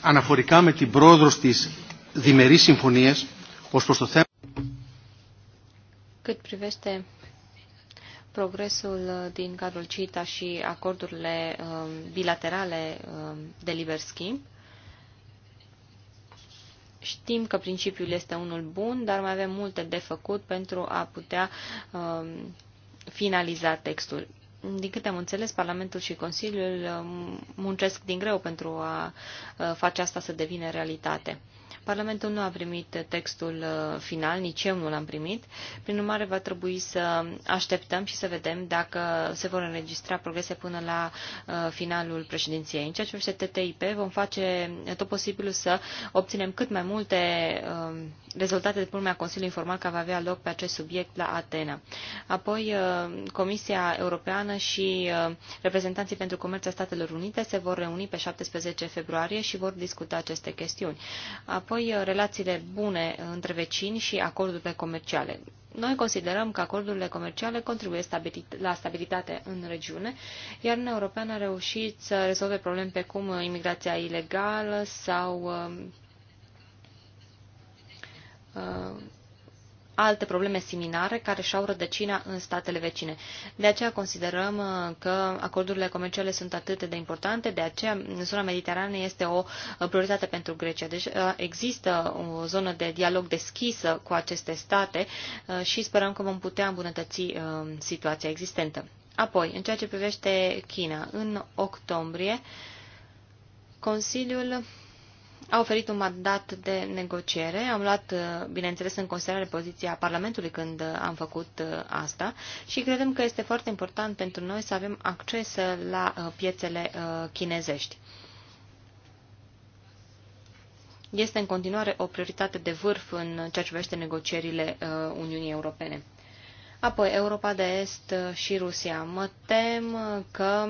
Αναφορικά με την πρόοδο στις διμερείς συμφωνίες ως προς το θέμα cât privește progresul din cadrul CITA și acordurile um, bilaterale um, de liber schimb, Știm că principiul este unul bun, dar mai avem multe de făcut pentru a putea uh, finaliza textul. Din câte am înțeles, Parlamentul și Consiliul um, muncesc din greu pentru a uh, face asta să devină realitate. Parlamentul nu a primit textul uh, final, nici eu nu l-am primit. Prin urmare, va trebui să așteptăm și să vedem dacă se vor înregistra progrese până la uh, finalul președinției. În ceea ce privește TTIP, vom face tot posibilul să obținem cât mai multe um, rezultate de urmea Consiliului Informal care va avea loc pe acest subiect la Atena. Apoi, uh, Comisia Europeană și reprezentanții pentru Comerț a Statelor Unite se vor reuni pe 17 februarie și vor discuta aceste chestiuni. Apoi, apoi uh, relațiile bune uh, între vecini și acordurile comerciale. Noi considerăm că acordurile comerciale contribuie stabilit la stabilitate în regiune, iar în Europeană a reușit să rezolve probleme pe cum uh, imigrația ilegală sau uh, alte probleme similare care și-au rădăcina în statele vecine. De aceea considerăm uh, că acordurile comerciale sunt atât de importante, de aceea zona mediterană este o uh, prioritate pentru Grecia. Deci uh, există o zonă de dialog deschisă cu aceste state și sperăm că vom putea îmbunătăți situația existentă. Apoi, în ceea ce privește China, în octombrie, Consiliul a oferit un mandat de negociere. Am luat, uh, bineînțeles, în considerare poziția Parlamentului când uh, am făcut uh, asta și credem că este foarte important pentru noi să avem acces la piețele chinezești. Este în continuare o prioritate de vârf în ceea ce privește negocierile Uniunii Europene. Apoi, Europa de Est și Rusia. Mă tem că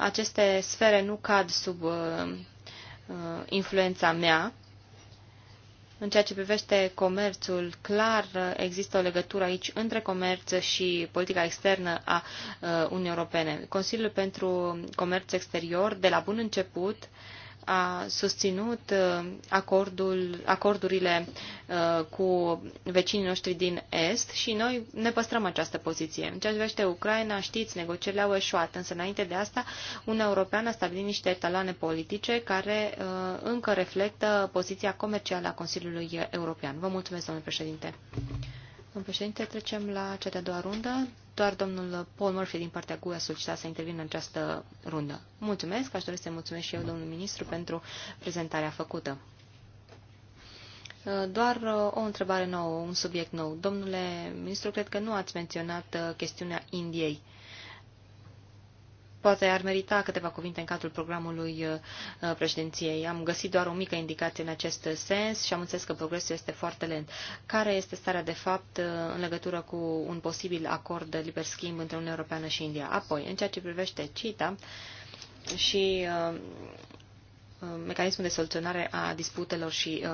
aceste sfere nu cad sub Uh, influența mea. În ceea ce privește comerțul, clar uh, există o legătură aici între comerț și politica externă a uh, Uniunii Europene. Consiliul pentru Comerț Exterior, de la bun început, a susținut uh, acordul, acordurile uh, cu vecinii noștri din Est și noi ne păstrăm această poziție. În ceea ce privește Ucraina, știți, negocierile au eșuat, însă înainte de asta, Uniunea Europeană a stabilit niște etaloane politice care uh, încă reflectă poziția comercială a Consiliului European. Vă mulțumesc, domnule președinte. Domnule președinte, trecem la cea de-a doua rundă doar domnul Paul Murphy din partea GUE a solicitat să intervină în această rundă. Mulțumesc, aș dori să mulțumesc și eu, domnul ministru, pentru prezentarea făcută. Doar uh, o întrebare nouă, un subiect nou. Domnule ministru, cred că nu ați menționat uh, chestiunea Indiei poate ar merita câteva cuvinte în cadrul programului uh, președinției. Am găsit doar o mică indicație în acest sens și am înțeles că progresul este foarte lent. Care este starea de fapt uh, în legătură cu un posibil acord de liber schimb între Uniunea Europeană și India? Apoi, în ceea ce privește CITA și uh, mecanismul de soluționare a disputelor și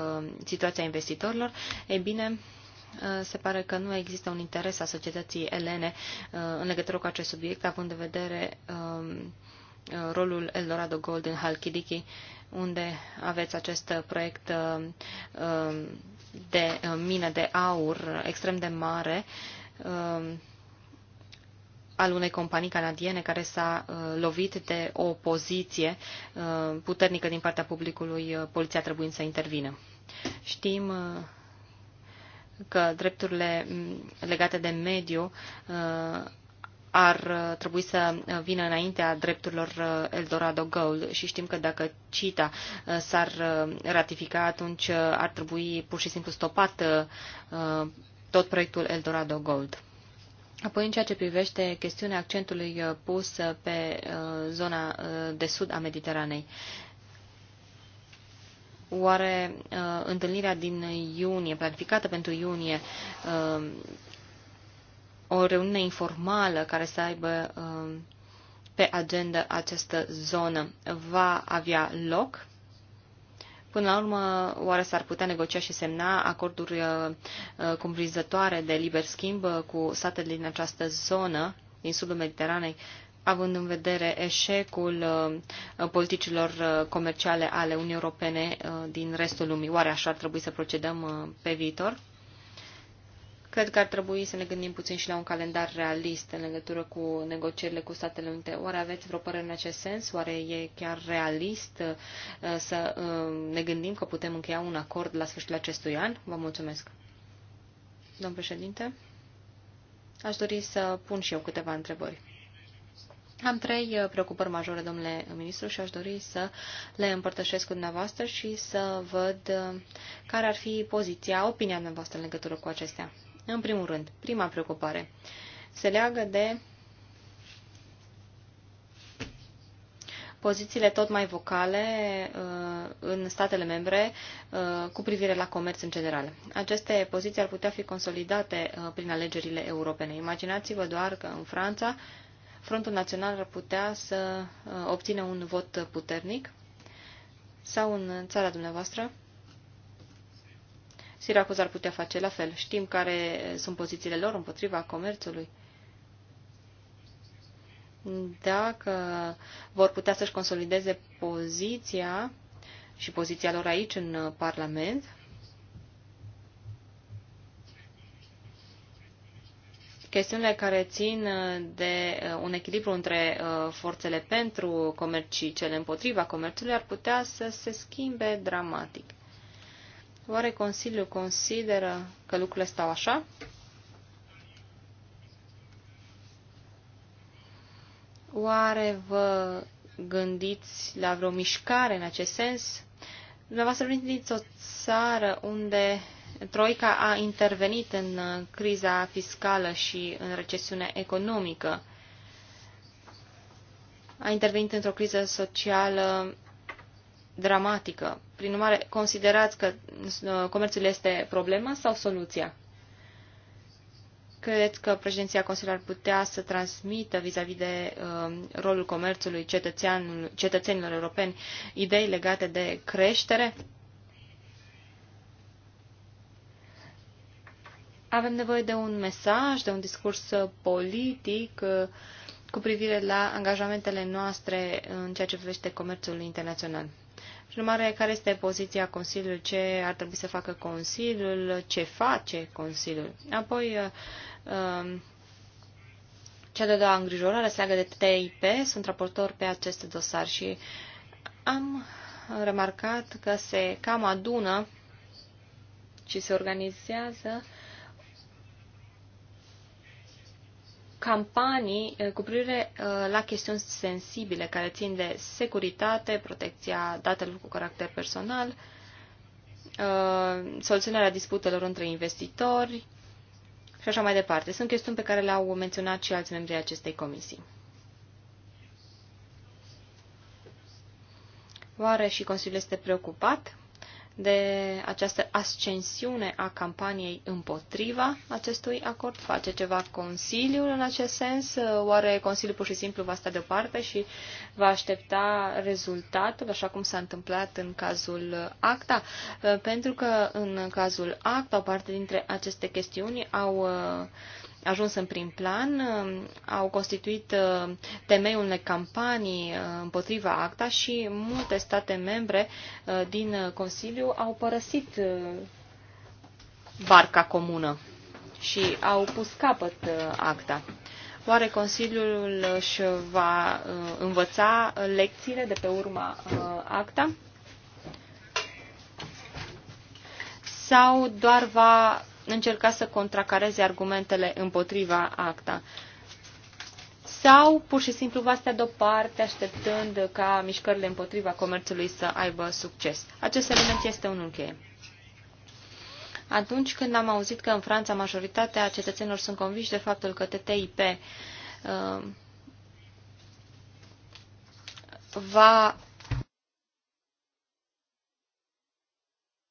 situația investitorilor, e bine, Eh, se pare că nu există un interes a societății elene eh, în legătură cu acest subiect, având în vedere ehm, eh, rolul Eldorado Gold în Halkidiki, unde aveți acest proiect ehm, de mină de aur extrem de mare ehm, al unei companii canadiene care s-a lovit de o poziție puternică din partea publicului, poliția trebuie să intervină. Știm că drepturile mm, legate de mediu uh, ar uh, trebui să vină înaintea drepturilor uh, Eldorado Gold și știm că dacă CITA s-ar ratifica, atunci ar trebui pur și simplu stopat tot proiectul Eldorado Gold. Apoi, în ceea ce privește chestiunea accentului pus pe zona de sud a Mediteranei, Oare uh, întâlnirea din iunie, planificată pentru iunie, uh, o reuniune informală care să aibă uh, pe agenda această zonă, va avea loc? Până la urmă, oare s-ar putea negocia și semna acorduri uh, uh cumprinzătoare de liber schimb uh, cu statele din această zonă, din sudul Mediteranei, uh, având în vedere eșecul uh, politicilor uh, comerciale ale Uniunii Europene uh, din restul lumii. Oare așa ar trebui să procedăm pe viitor? Cred că ar trebui să ne gândim puțin și la un calendar realist în legătură cu negocierile cu Statele Unite. Oare aveți vreo părere în acest sens? Oare e chiar realist să ne gândim că putem încheia un acord la sfârșitul acestui an? Vă mulțumesc. Domn președinte, aș dori să pun și eu câteva întrebări. Am trei uh, preocupări majore, domnule ministru, și aș dori să le împărtășesc cu dumneavoastră și să văd uh, care ar fi poziția, opinia dumneavoastră în legătură cu acestea. În primul rând, prima preocupare se leagă de pozițiile tot mai vocale uh, în statele membre cu privire la comerț în general. Aceste poziții ar putea fi consolidate prin alegerile europene. Imaginați-vă doar că în Franța Frontul Național ar putea să uh, obțină un vot puternic? Sau în țara dumneavoastră? Siracuz ar putea face la fel. Știm care sunt pozițiile lor împotriva comerțului. Dacă vor putea să-și consolideze poziția și poziția lor aici în Parlament, chestiunile care țin uh, de uh, un echilibru între uh, forțele pentru comerț și cele împotriva comerțului ar putea să se schimbe dramatic. Oare Consiliul consideră că lucrurile stau așa? Oare vă gândiți la vreo mișcare în acest sens? Dumneavoastră veniți o țară unde Troica a intervenit în uh, criza fiscală și în recesiunea economică. A intervenit într-o criză socială dramatică. Prin urmare, considerați că uh, comerțul este problema sau soluția? Credeți că președinția Consiliului ar putea să transmită vis-a-vis -vis de uh, rolul comerțului cetățenilor europeni idei legate de creștere? Avem nevoie de un mesaj, de un discurs uh, politic uh, cu privire la angajamentele noastre în ceea ce privește comerțul internațional. Și urmare, care este poziția Consiliului, ce ar trebui să facă Consiliul, ce face Consiliul. Apoi, uh, um, cea de-a doua îngrijorare se leagă de TIP, sunt raportor pe acest dosar și am remarcat că se cam adună și se organizează campanii eh, cu privire eh, la chestiuni sensibile care țin de securitate, protecția datelor cu caracter personal, eh, soluționarea disputelor între investitori și așa mai departe. Sunt chestiuni pe care le-au menționat și alți membri ai acestei comisii. Oare și Consiliul este preocupat de această ascensiune a campaniei împotriva acestui acord? Face ceva Consiliul în acest sens? Oare Consiliul pur și simplu va sta deoparte și va aștepta rezultatul, așa cum s-a întâmplat în cazul ACTA? Pentru că în cazul ACTA, o parte dintre aceste chestiuni au uh, ajuns în prim plan, uh, au constituit uh, temeiul unei campanii uh, împotriva ACTA și multe state membre din Consiliu au părăsit barca comună și au pus capăt acta. Oare Consiliul își va învăța lecțiile de pe urma acta? Sau doar va încerca să contracareze argumentele împotriva acta. Sau pur și simplu va stea deoparte așteptând ca mișcările împotriva comerțului să aibă succes. Acest element este unul cheie. Atunci când am auzit că în Franța majoritatea cetățenilor sunt conviși de faptul că TTIP uh, va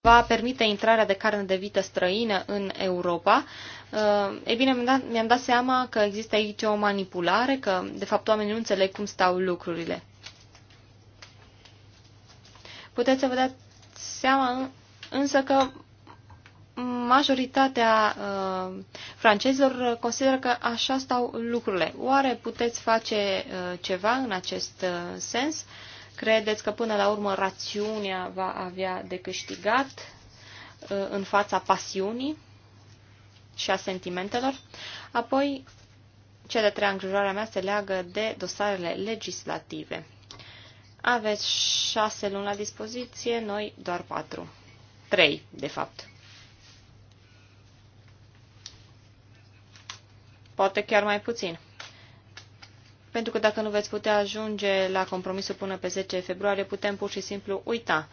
va permite intrarea de carne de vită străină în Europa, uh, e bine, mi-am dat, seama că există aici o manipulare, că de fapt oamenii nu înțeleg cum stau lucrurile. Puteți să vă dați seama însă că majoritatea uh, francezilor consideră că așa stau lucrurile. Oare puteți face uh, ceva în acest sens? Credeți că până la urmă rațiunea va avea de câștigat uh, în fața pasiunii și a sentimentelor? Apoi, cele trei treia mea se leagă de dosarele legislative. Aveți șase luni la dispoziție, noi doar patru. Trei, de fapt. Poate chiar mai puțin pentru că dacă nu veți putea ajunge la compromisul până pe 10 februarie, putem pur și simplu uita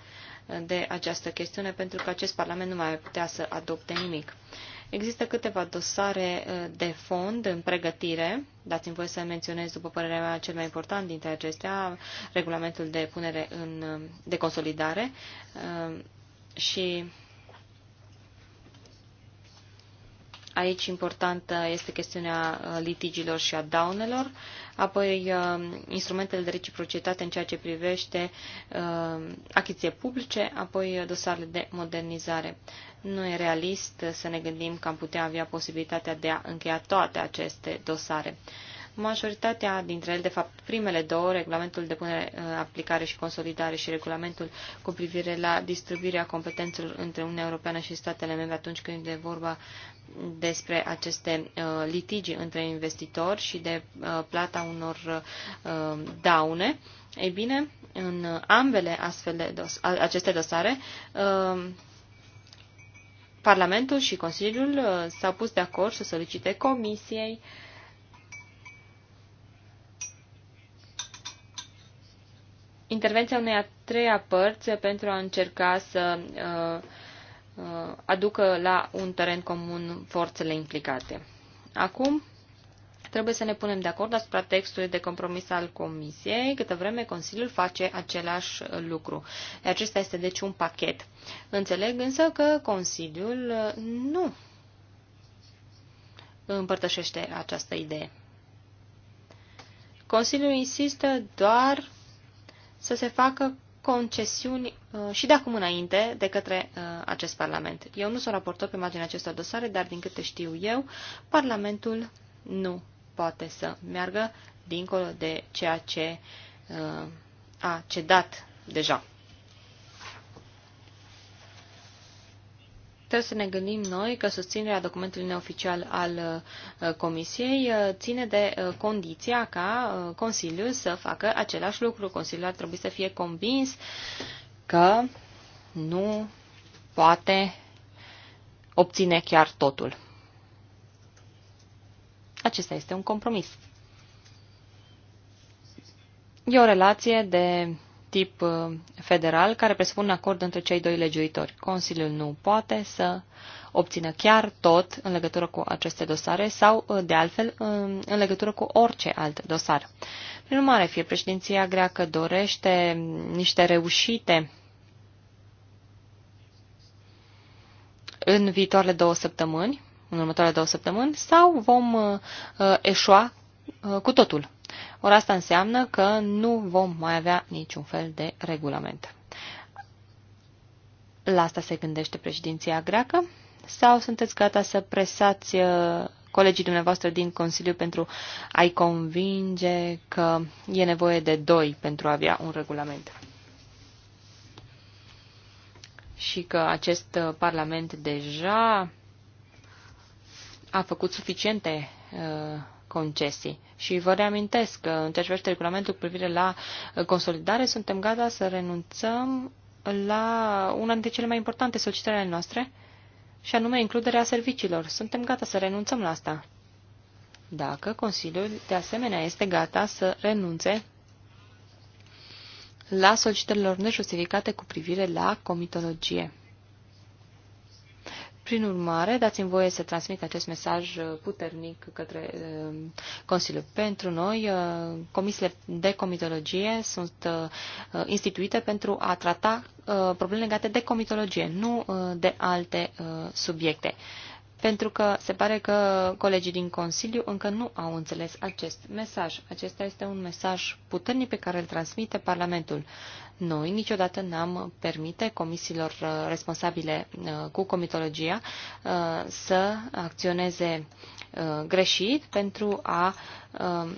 de această chestiune, pentru că acest Parlament nu mai putea să adopte nimic. Există câteva dosare uh, de fond în pregătire. Dați-mi voie să menționez, după părerea mea, cel mai important dintre acestea, regulamentul de punere în, uh, de consolidare uh, și Aici importantă este chestiunea uh, litigilor și a daunelor, apoi uh, instrumentele de reciprocitate în ceea ce privește uh, achiziție publice, apoi dosarele de modernizare. Nu e realist să ne gândim că am putea avea posibilitatea de a încheia toate aceste dosare. Majoritatea dintre ele, de fapt primele două, regulamentul de punere, uh, aplicare și consolidare și regulamentul cu privire la distribuirea competențelor între Uniunea Europeană și statele membre atunci când e vorba despre aceste uh, litigi între investitori și de uh, plata unor uh, daune. Ei bine, în ambele astfel de dos aceste dosare, uh, Parlamentul și Consiliul uh, s-au pus de acord să solicite Comisiei uh, intervenția unei a treia părți pentru a încerca să uh, uh, aducă la un teren comun forțele implicate. Acum, trebuie să ne punem de acord asupra textului de compromis al Comisiei, câtă vreme Consiliul face același lucru. Acesta este deci un pachet. Înțeleg însă că Consiliul uh, nu împărtășește această idee. Consiliul insistă doar să se facă concesiuni uh, și de acum înainte de către uh, acest Parlament. Eu nu sunt raportor pe marginea acestor dosare, dar din câte știu eu, Parlamentul nu poate să meargă dincolo de ceea ce uh, a cedat deja. Trebuie să ne gândim noi că susținerea documentului neoficial al uh, Comisiei uh, ține de uh, condiția ca Consiliul să facă același lucru. Consiliul ar trebui să fie convins că nu poate obține chiar totul. Acesta este un compromis. E o relație de tip uh, federal, care presupun un acord între cei doi legiuitori. Consiliul nu poate să obțină chiar tot în legătură cu aceste dosare sau, uh, de altfel, în legătură cu orice alt dosar. Prin urmare, fie președinția greacă dorește niște reușite în viitoarele două săptămâni, în următoarele două săptămâni, sau vom uh, eșua cu totul. Ori asta înseamnă că nu vom mai avea niciun fel de regulament. La asta se gândește președinția greacă? Sau sunteți gata să presați uh, colegii dumneavoastră din Consiliu pentru a-i convinge că e nevoie de doi pentru a avea un regulament? Și că acest uh, Parlament deja a făcut suficiente uh, concesii. Și vă reamintesc că în ce privește regulamentul cu privire la consolidare, suntem gata să renunțăm la una dintre cele mai importante solicitări ale noastre, și anume includerea serviciilor. Suntem gata să renunțăm la asta. Dacă Consiliul, de asemenea, este gata să renunțe la solicitărilor nejustificate cu privire la comitologie. Prin urmare, dați-mi voie să transmit acest mesaj uh, puternic către uh, Consiliu. Pentru noi, uh, comisiile de comitologie sunt instituite pentru a trata probleme legate de comitologie, nu de alte subiecte. Pentru că se pare că colegii din Consiliu încă nu au înțeles acest mesaj. Acesta este un mesaj puternic pe care îl transmite Parlamentul. Noi niciodată n-am permite comisiilor uh, responsabile uh, cu comitologia uh, să acționeze greșit pentru a um,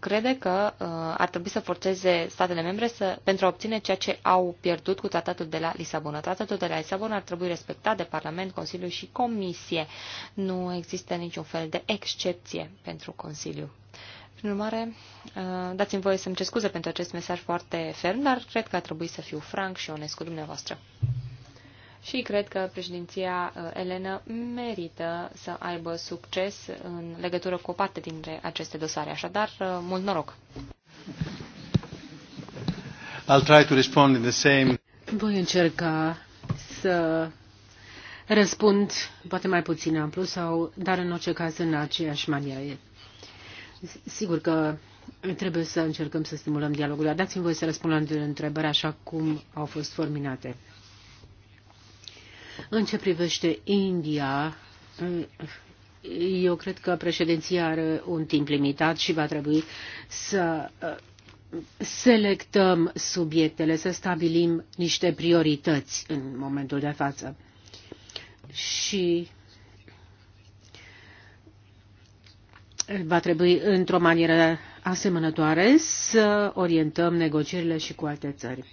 crede că ar trebui să forțeze statele membre să, pentru a obține ceea ce au pierdut cu tratatul de la Lisabona. Tratatul de la Lisabona ar trebui respectat de Parlament, Consiliu și Comisie. Nu există niciun fel de excepție pentru Consiliu. Prin urmare, uh, dați-mi voie să-mi cer scuze pentru acest mesaj foarte ferm, dar cred că a trebuit să fiu franc și onest cu dumneavoastră. Și cred că președinția uh, Elena merită să aibă succes în legătură cu o parte dintre aceste dosare. Așadar, uh, mult noroc! I'll try to respond in the same... Voi încerca să răspund, poate mai puțin amplu sau, dar în orice caz în aceeași manieră. Sigur că trebuie să încercăm să stimulăm dialogul, dar dați-mi voi să răspund la întrebări așa cum au fost forminate. În ce privește India, eu cred că președinția are un timp limitat și va trebui să uh, selectăm subiectele, să stabilim niște priorități în momentul de față. Și va trebui într-o manieră asemănătoare să orientăm negocierile și cu alte țări.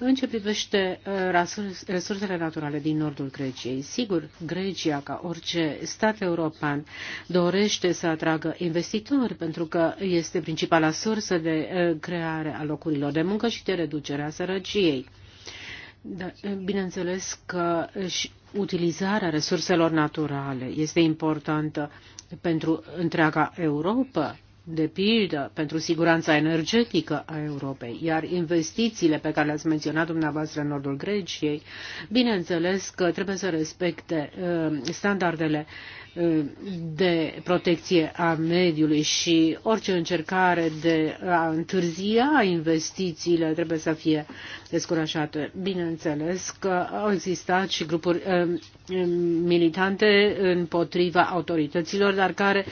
În ce privește uh, resursele naturale din nordul Greciei, sigur, Grecia, ca orice stat european, dorește să atragă investitori pentru că este principala sursă de uh, creare a locurilor de muncă și de reducere a sărăciei. Da, bineînțeles că și utilizarea resurselor naturale este importantă pentru întreaga Europa, de pildă pentru siguranța energetică a Europei, iar investițiile pe care le-ați menționat dumneavoastră în nordul Greciei, bineînțeles că trebuie să respecte uh, standardele de protecție a mediului și orice încercare de a întârzia investițiile trebuie să fie descurajată. Bineînțeles că au existat și grupuri eh, militante împotriva autorităților, dar care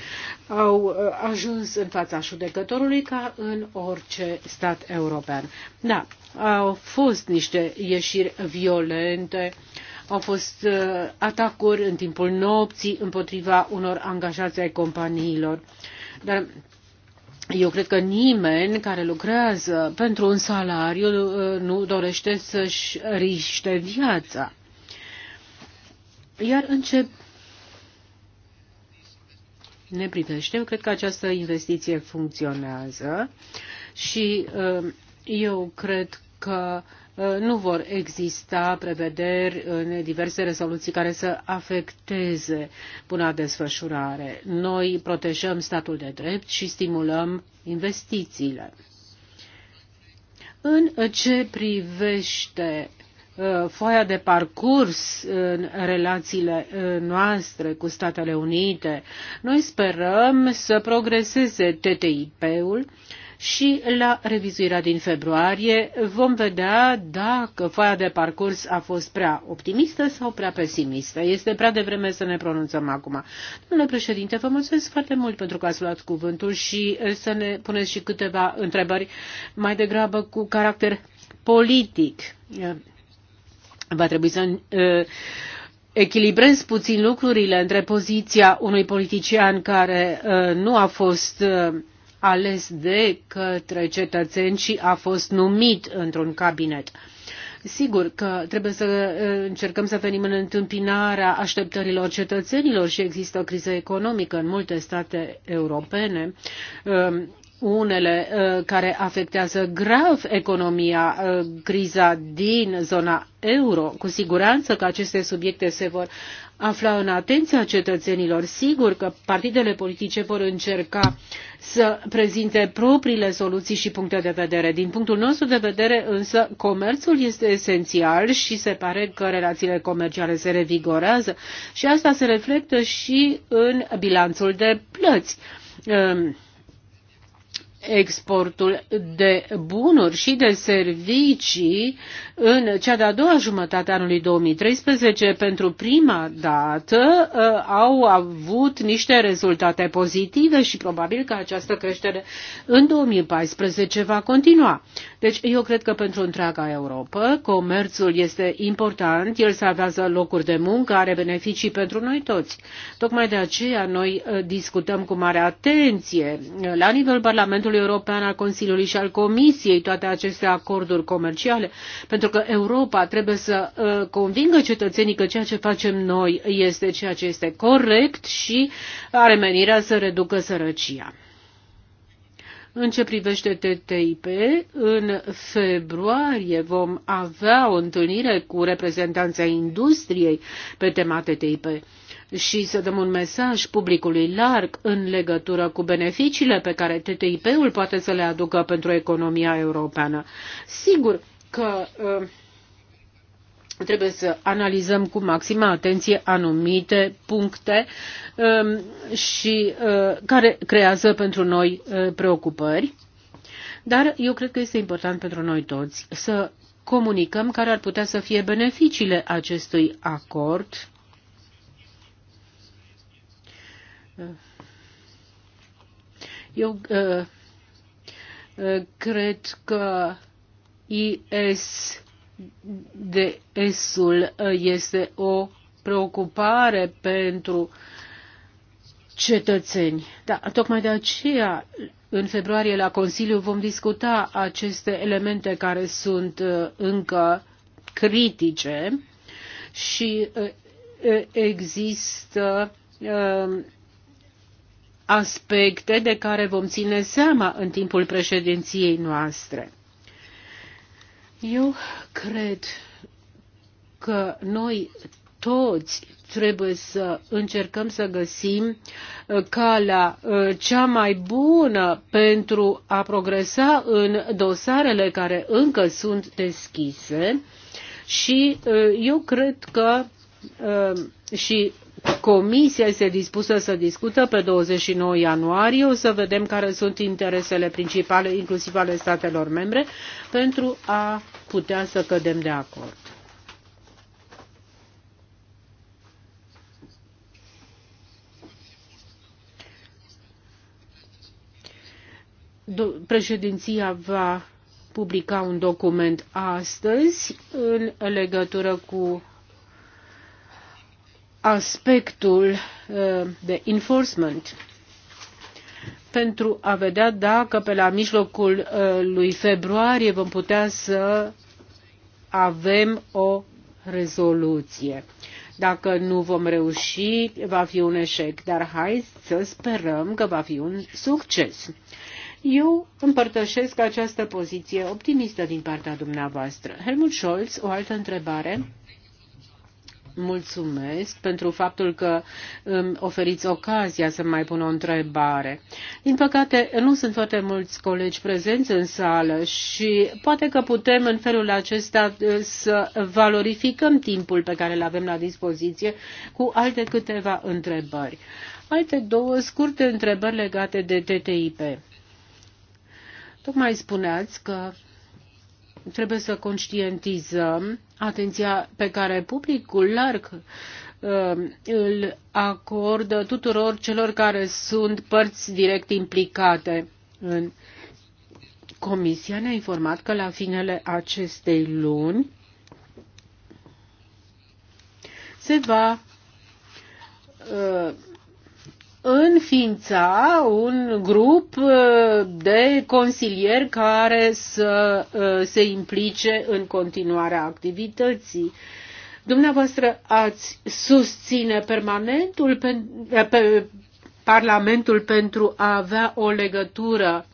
au eh, ajuns în fața judecătorului ca în orice stat european. Da, au fost niște ieșiri violente au fost uh, atacuri în timpul nopții împotriva unor angajați ai companiilor. Dar eu cred că nimeni care lucrează pentru un salariu uh, nu dorește să-și riște viața. Iar în ce ne privește, eu cred că această investiție funcționează și uh, eu cred că uh, Uh, nu vor exista prevederi în diverse rezoluții care să afecteze buna desfășurare. Noi protejăm statul de drept și stimulăm investițiile. În ce privește uh, foaia de parcurs în relațiile uh, noastre cu Statele Unite. Noi sperăm să progreseze TTIP-ul și la revizuirea din februarie vom vedea dacă foaia de parcurs a fost prea optimistă sau prea pesimistă. Este prea devreme să ne pronunțăm acum. Domnule președinte, vă mulțumesc foarte mult pentru că ați luat cuvântul și eh, să ne puneți și câteva întrebări mai degrabă cu caracter politic. Eh, va trebui să eh, echilibrez puțin lucrurile între poziția unui politician care nu a fost ales de către cetățeni și a fost numit într-un cabinet. Sigur că trebuie să eh, încercăm să venim în întâmpinarea așteptărilor cetățenilor și există o criză economică în multe state europene eh, unele uh, care afectează grav economia, uh, criza din zona euro. Cu siguranță că aceste subiecte se vor afla în atenția cetățenilor. Sigur că partidele politice vor încerca să prezinte propriile soluții și puncte de vedere. Din punctul nostru de vedere, însă, comerțul este esențial și se pare că relațiile comerciale se revigorează și asta se reflectă și în bilanțul de plăți. Um, exportul de bunuri și de servicii în cea de-a doua jumătate a anului 2013, pentru prima dată, uh, au avut niște rezultate pozitive și probabil că această creștere în 2014 va continua. Deci eu cred că pentru întreaga Europa comerțul este important, el salvează locuri de muncă, are beneficii pentru noi toți. Tocmai de aceea noi uh, discutăm cu mare atenție uh, la nivel Parlamentului European, al Consiliului și al Comisiei toate aceste acorduri comerciale, pentru pentru că Europa trebuie să uh, convingă cetățenii că ceea ce facem noi este ceea ce este corect și are menirea să reducă sărăcia. În ce privește TTIP, în februarie vom avea o întâlnire cu reprezentanța industriei pe tema TTIP și să dăm un mesaj publicului larg în legătură cu beneficiile pe care TTIP-ul poate să le aducă pentru economia europeană. Sigur, că uh, trebuie să analizăm cu maximă atenție anumite puncte um, și uh, care creează pentru noi uh, preocupări. Dar eu cred că este important pentru noi toți să comunicăm care ar putea să fie beneficiile acestui acord. Eu cred că ISDS-ul uh, este o preocupare pentru cetățeni. Da, tocmai de aceea, în februarie la Consiliu vom discuta aceste elemente care sunt uh, încă critice și uh, există aspecte de care vom ține seama în timpul președinției noastre. Eu cred că noi toți trebuie să încercăm să găsim uh, calea uh, cea mai bună pentru a progresa în dosarele care încă sunt deschise și uh, eu cred că și Comisia este dispusă să discută pe 29 ianuarie. O să vedem care sunt interesele principale, inclusiv ale statelor membre, pentru a putea să cădem de acord. Președinția va publica un document astăzi în legătură cu aspectul uh, de enforcement pentru a vedea dacă pe la mijlocul uh, lui februarie vom putea să avem o rezoluție. Dacă nu vom reuși, va fi un eșec, dar hai să sperăm că va fi un succes. Eu împărtășesc această poziție optimistă din partea dumneavoastră. Helmut Scholz, o altă întrebare mulțumesc pentru faptul că îmi um, oferiți ocazia să mai pun o întrebare. Din păcate, nu sunt foarte mulți colegi prezenți în sală și poate că putem în felul acesta uh, să valorificăm timpul pe care îl avem la dispoziție cu alte câteva întrebări. Alte două scurte întrebări legate de TTIP. Tocmai spuneați că trebuie să conștientizăm atenția pe care publicul larg uh, îl acordă tuturor celor care sunt părți direct implicate în Comisia ne-a informat că la finele acestei luni se va uh, înființa un grup uh, de consilieri care să uh, se implice în continuarea activității. Dumneavoastră ați susține permanentul pe, eh, pe, Parlamentul pentru a avea o legătură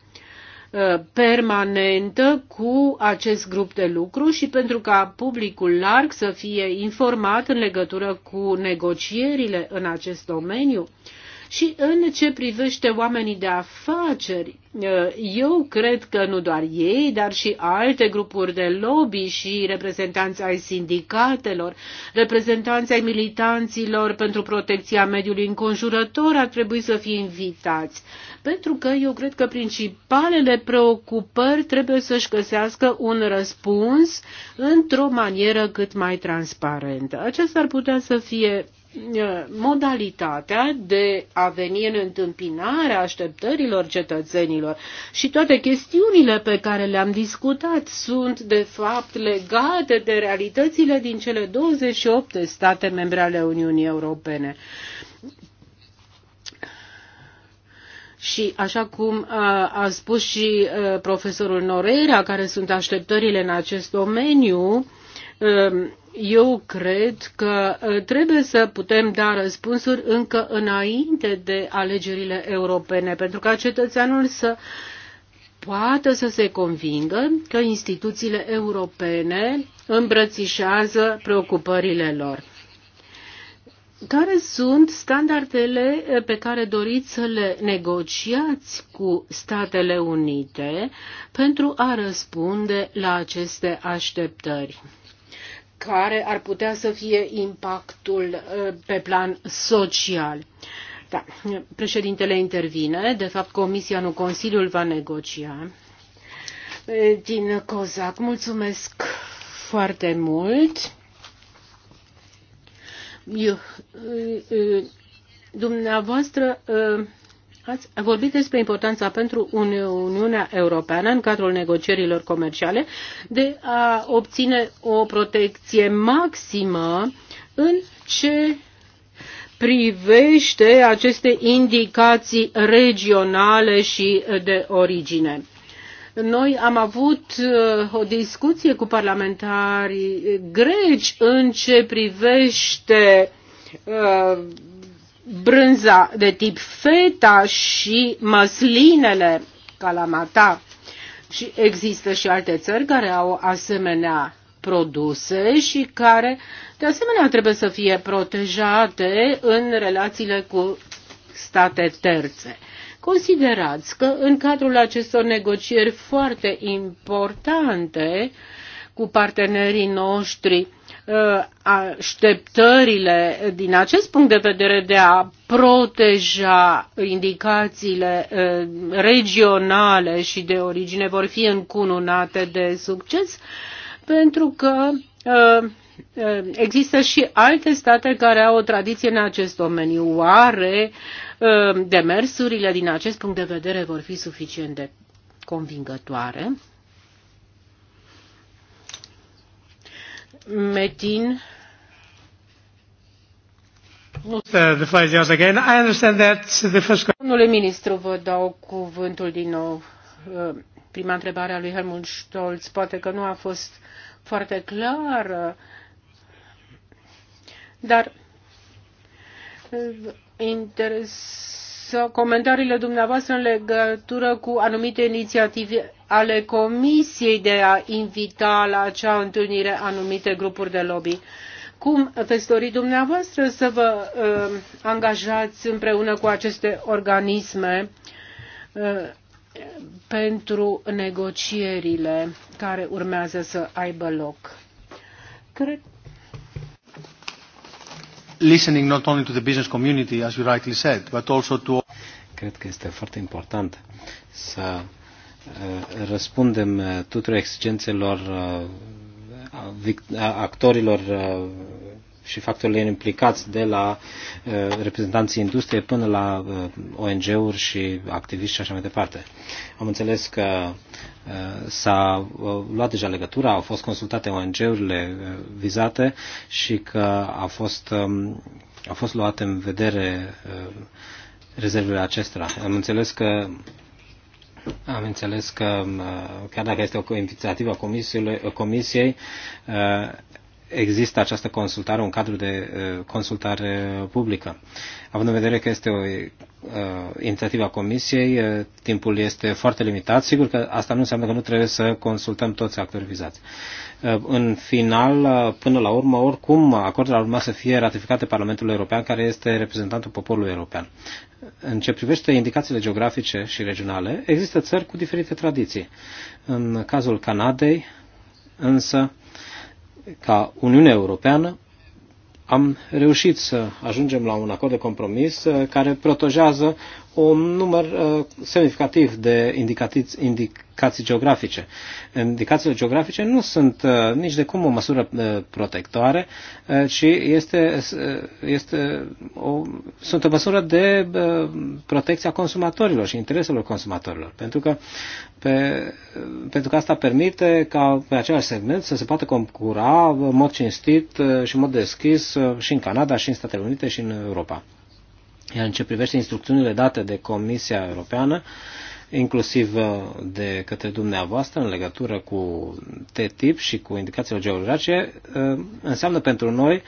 eh, permanentă cu acest grup de lucru și pentru ca publicul larg să fie informat în legătură cu negocierile în acest domeniu. Și în ce privește oamenii de afaceri, eh, eu cred că nu doar ei, dar și alte grupuri de lobby și reprezentanți ai sindicatelor, reprezentanți ai militanților pentru protecția mediului înconjurător ar trebui să fie invitați. Pentru că eu cred că principalele preocupări trebuie să-și găsească un răspuns într-o manieră cât mai transparentă. Acesta ar putea să fie Uh, modalitatea de a veni în întâmpinarea așteptărilor cetățenilor și toate chestiunile pe care le-am discutat sunt de fapt legate de realitățile din cele 28 de state membre ale Uniunii Europene. Și așa cum uh, a spus și uh, profesorul Norera, care sunt așteptările în acest domeniu, Ehm, eu cred că trebuie să putem da răspunsuri încă înainte de alegerile europene, pentru ca cetățeanul să poată să se convingă că instituțiile europene îmbrățișează preocupările lor. Care sunt standardele pe care doriți să le negociați cu Statele Unite pentru a răspunde la aceste așteptări? care ar putea să fie impactul uh, pe plan social. Da. Președintele intervine, de fapt Comisia, nu Consiliul, va negocia. Uh, din COSAC, mulțumesc foarte mult. Eu, uh, dumneavoastră, Ați vorbit despre importanța pentru Uniunea Europeană în cadrul negocierilor comerciale de a obține o protecție maximă în ce privește aceste indicații regionale și de origine. Noi am avut uh, o discuție cu parlamentarii greci în ce privește uh, brânza de tip feta și măslinele calamata. Și există și alte țări care au asemenea produse și care, de asemenea, trebuie să fie protejate în relațiile cu state terțe. Considerați că în cadrul acestor negocieri foarte importante, uh, cu partenerii noștri ă, așteptările din acest punct de vedere de a proteja indicațiile ă, regionale și de origine vor fi încununate de succes pentru că ă, există și alte state care au o tradiție în acest domeniu. Oare demersurile din acest punct de vedere vor fi suficient de convingătoare? Metin. Uh, Domnule ministru, vă dau cuvântul din nou. Uh, prima întrebare a lui Helmut Stolz poate că nu a fost foarte clară, dar uh, interes comentariile dumneavoastră în legătură cu anumite inițiative ale Comisiei de a invita la acea întâlnire anumite grupuri de lobby. Cum veți dori dumneavoastră să vă uh, angajați împreună cu aceste organisme uh, pentru negocierile care urmează să aibă loc? Cred listening not only to the business community, as you rightly said, but also to... Cred că este foarte important să răspundem uh, tuturor exigențelor uh, actorilor uh, și factorilor implicați de la reprezentanții industriei până la ONG-uri și activiști și așa mai departe. Am înțeles că s-a luat deja legătura, au fost consultate ONG-urile vizate și că a fost, um, au fost luate în vedere rezervele acestora. Am înțeles că am înțeles că, uh, chiar dacă este o inițiativă a Comisiei, uh, există această consultare, un cadru de uh, consultare publică. Având în vedere că este o uh, inițiativă a Comisiei, uh, timpul este foarte limitat. Sigur că asta nu înseamnă că nu trebuie să consultăm toți actorii vizați. În final, până la urmă, oricum, acordul ar urma să fie ratificat de Parlamentul European, care este reprezentantul poporului european. În ce privește indicațiile geografice și regionale, există țări cu diferite tradiții. În cazul Canadei, însă, ca Uniunea Europeană am reușit să ajungem la un acord de compromis uh, care protejează un număr uh, semnificativ de indicații geografice. Indicațiile geografice nu sunt uh, nici de cum o măsură uh, protectoare, uh, ci este, uh, este o, sunt o măsură de uh, a consumatorilor și intereselor consumatorilor. Pentru că, pe, uh, pentru că asta permite ca pe același segment să se poată concura în mod cinstit uh, și în mod deschis uh, și în Canada, și în Statele Unite, și în Europa. Iar în ce privește instrucțiunile date de Comisia Europeană, inclusiv uh, de către dumneavoastră în legătură cu TTIP și cu indicațiile geografice, uh, înseamnă pentru noi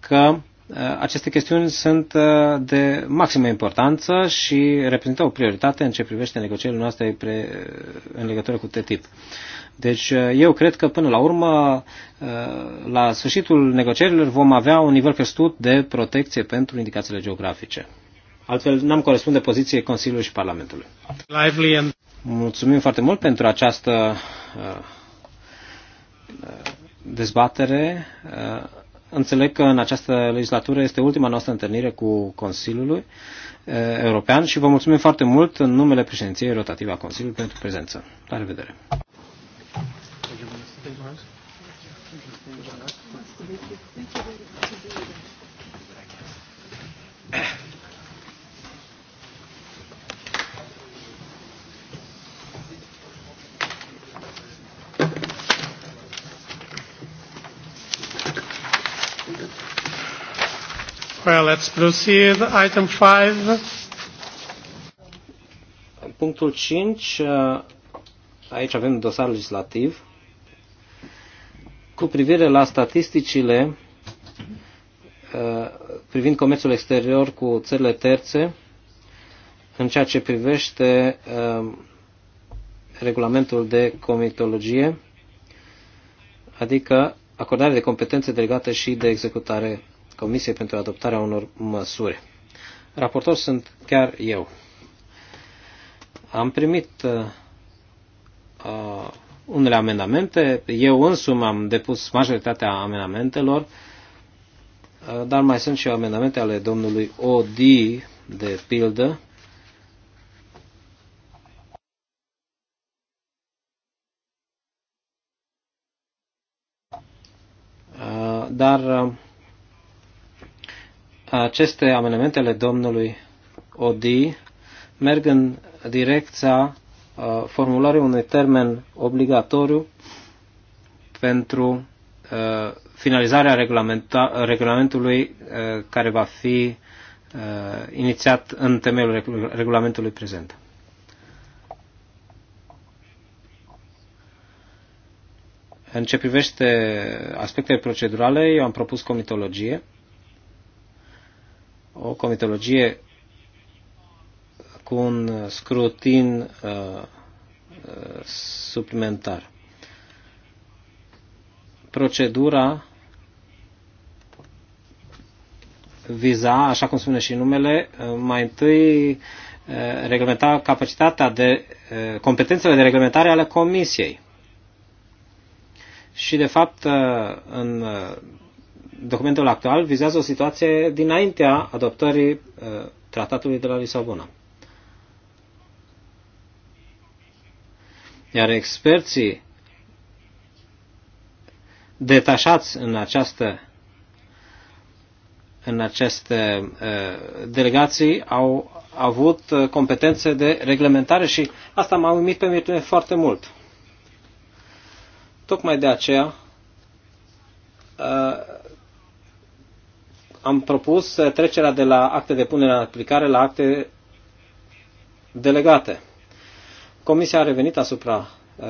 că Uh, aceste chestiuni sunt uh, de maximă importanță și reprezintă o prioritate în ce privește negocierile noastre pre, uh, în legătură cu TTIP. Deci eu cred că până la urmă, la sfârșitul negocierilor, vom avea un nivel crescut de protecție pentru indicațiile geografice. Altfel n-am corespunde poziției Consiliului și Parlamentului. Lively and... Mulțumim foarte mult pentru această dezbatere. Înțeleg că în această legislatură este ultima noastră întâlnire cu Consiliul eh, European și vă mulțumim foarte mult în numele președinției rotative a Consiliului pentru prezență. La revedere! Thank you. Well, let's proceed. Item 5. Punctul 5. Uh, aici avem dosar legislativ cu privire la statisticile uh, privind comerțul exterior cu țările terțe în ceea ce privește uh, regulamentul de comitologie, adică acordarea de competențe delegate și de executare Comisiei pentru adoptarea unor măsuri. Raportor sunt chiar eu. Am primit uh, uh, unele amendamente, eu însumi am depus majoritatea amendamentelor, uh, dar mai sunt și amendamente ale domnului Odi, de pildă, uh, dar uh, aceste amenamentele domnului Odi merg în direcția uh, formulării unui termen obligatoriu pentru uh, finalizarea regulamentului uh, care va fi inițiat în temelul regulamentului prezent. În ce privește aspectele procedurale, eu am propus comitologie o comitologie cu un scrutin uh, uh, suplimentar. Procedura viza, așa cum spune și numele, uh, mai întâi uh, reglementa capacitatea de competențele de reglementare ale comisiei. Și de fapt în documentul actual vizează o situație dinaintea adoptării uh, tratatului de la Lisabona. Iar experții detașați în această în aceste uh, delegații au avut uh, competențe de reglementare și asta m-a uimit pe mine foarte mult. Tocmai de aceea uh, am propus eh, trecerea de la acte de punere în aplicare la acte delegate. Comisia a revenit asupra uh,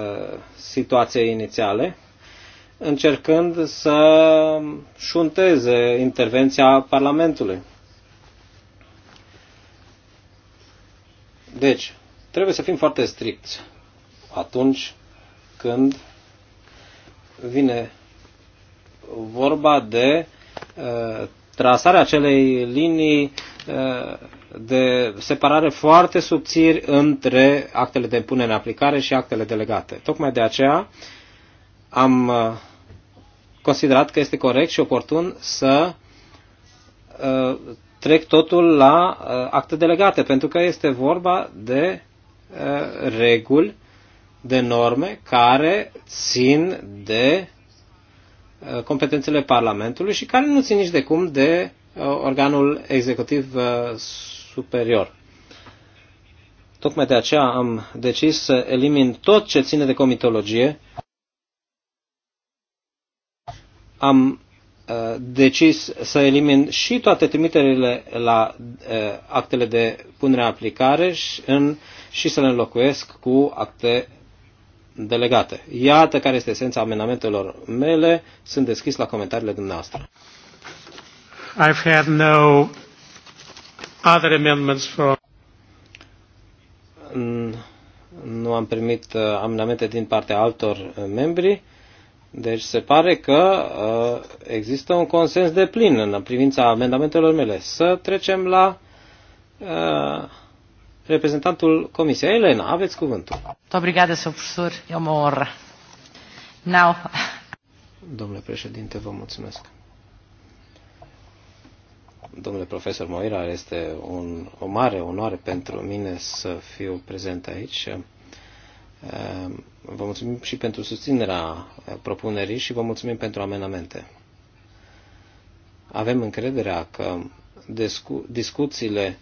situației inițiale, încercând să șunteze intervenția Parlamentului. Deci, trebuie să fim foarte stricți atunci când vine vorba de uh, trasarea acelei linii eh, de separare foarte subțiri între actele de punere în aplicare și actele delegate. Tocmai de aceea am eh, considerat că este corect și oportun să eh, trec totul la acte delegate, pentru că este vorba de reguli, de norme care țin de Uh, competențele Parlamentului și care nu țin nici de cum de uh, organul executiv uh, superior. Tocmai de aceea am decis să elimin tot ce ține de comitologie. Am decis să elimin și toate trimiterile la actele de punere în aplicare și, în, și să le înlocuiesc cu acte delegate. Iată care este esența amendamentelor mele. Sunt deschis la comentariile dumneavoastră. I've had no other amendments from... Nu am primit uh, amendamente din partea altor uh, membri. Deci se pare că uh, există un consens de plin în privința amendamentelor mele. Să trecem la reprezentantul Comisiei. Elena, aveți cuvântul. Obrigada, seu profesor. E uma honra. Now. Domnule președinte, vă mulțumesc. Domnule profesor Moira, este un, o mare onoare pentru mine să fiu prezent aici. Eh, vă mulțumim și pentru susținerea propunerii și vă mulțumim pentru amenamente. Avem încrederea că discu- discuțiile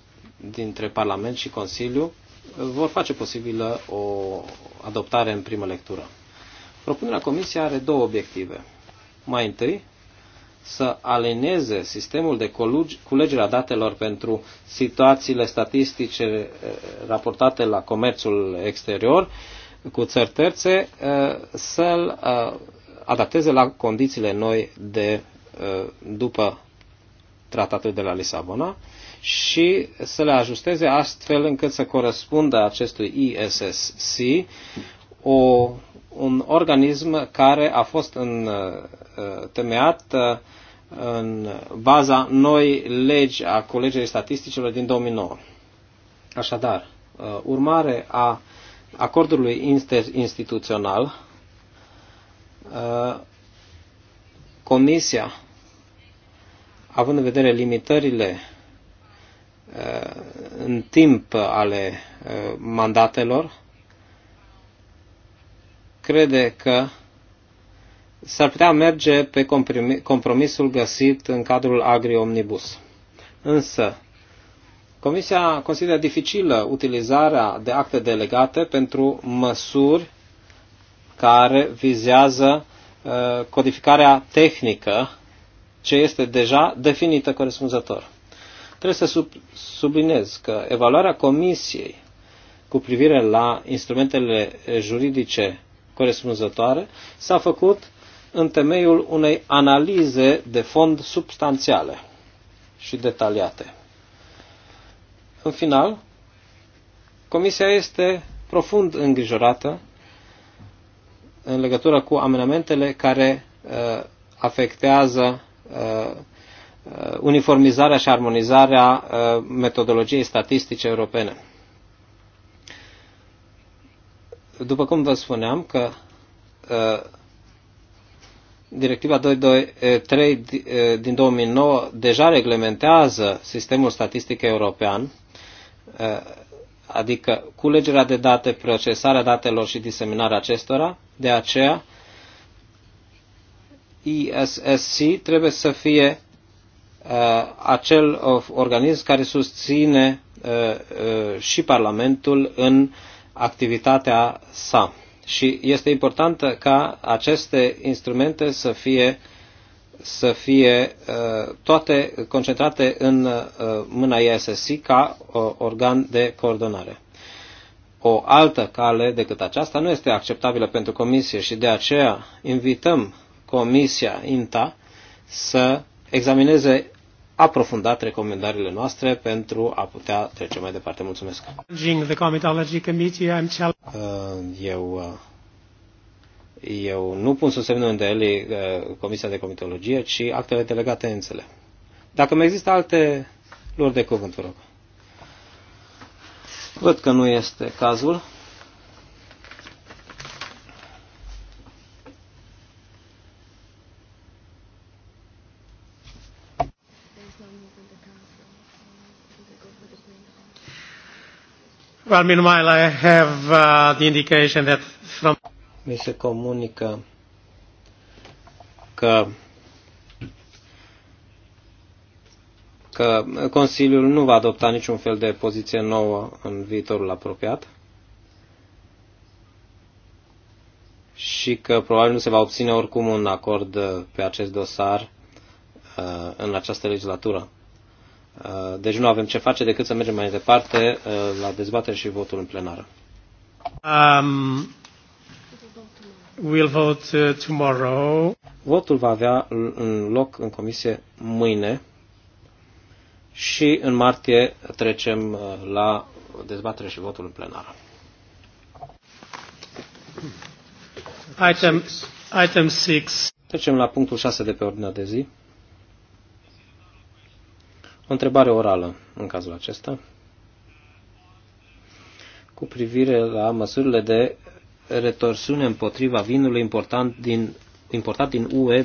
dintre Parlament și Consiliu vor face posibilă o adoptare în primă lectură. Propunerea Comisiei are două obiective. Mai întâi, să alineze sistemul de culegere a datelor pentru situațiile statistice eh, raportate la comerțul exterior cu țări terțe, eh, să-l eh, adapteze la condițiile noi de după tratatul de la Lisabona și să le ajusteze astfel încât să corespundă acestui ISSC o, un organism care a fost în, uh, temeat uh, în baza noi legi a Colegiului Statisticilor din 2009. Așadar, uh, urmare a acordului interinstituțional, Comisia, având în vedere limitările Uh, în timp ale uh, mandatelor, crede că s-ar putea merge pe compromisul găsit în cadrul agri-omnibus. Însă, Comisia consideră dificilă utilizarea de acte delegate pentru măsuri care vizează uh, codificarea tehnică ce este deja definită corespunzător. Trebuie să sub, subliniez că evaluarea comisiei cu privire la instrumentele juridice corespunzătoare s-a făcut în temeiul unei analize de fond substanțiale și detaliate. În final, Comisia este profund îngrijorată în legătură cu amenamentele care uh, afectează uh, Uh, uniformizarea și armonizarea uh, metodologiei statistice europene. După cum vă spuneam că uh, Directiva 223 din 2009 deja reglementează sistemul statistic european, adică culegerea de date, procesarea datelor și diseminarea acestora. De aceea, ISSC trebuie să fie Uh, acel uh, organism care susține uh, și Parlamentul în activitatea sa. Și este important ca aceste instrumente să fie, să fie toate concentrate în mâna ISSC ca organ de coordonare. O altă cale decât aceasta nu este acceptabilă pentru Comisie și de aceea invităm Comisia INTA să examineze aprofundat recomandările noastre pentru a putea trece mai departe. Mulțumesc! Uh, eu, uh, eu nu pun sub semnul îndoielii uh, Comisia de Comitologie, ci actele delegate înțele. Dacă mai există alte lor de cuvânt, vă rog. Văd că nu este cazul. Well, meanwhile, I have uh, the indication that from... Mi se comunică că că Consiliul nu va adopta niciun fel de poziție nouă în viitorul apropiat și că probabil nu se va obține oricum un acord pe acest dosar uh, în această legislatură. Uh, deci nu avem ce face decât să mergem mai departe uh, la dezbatere și votul în plenară. Um, we'll vote uh, tomorrow. Votul va avea în loc în comisie mâine și în martie trecem la dezbatere și votul în plenară. Item, item 6. Trecem la punctul 6 de pe ordinea de zi întrebare orală în cazul acesta cu privire la măsurile de retorsiune împotriva vinului important din, importat din UE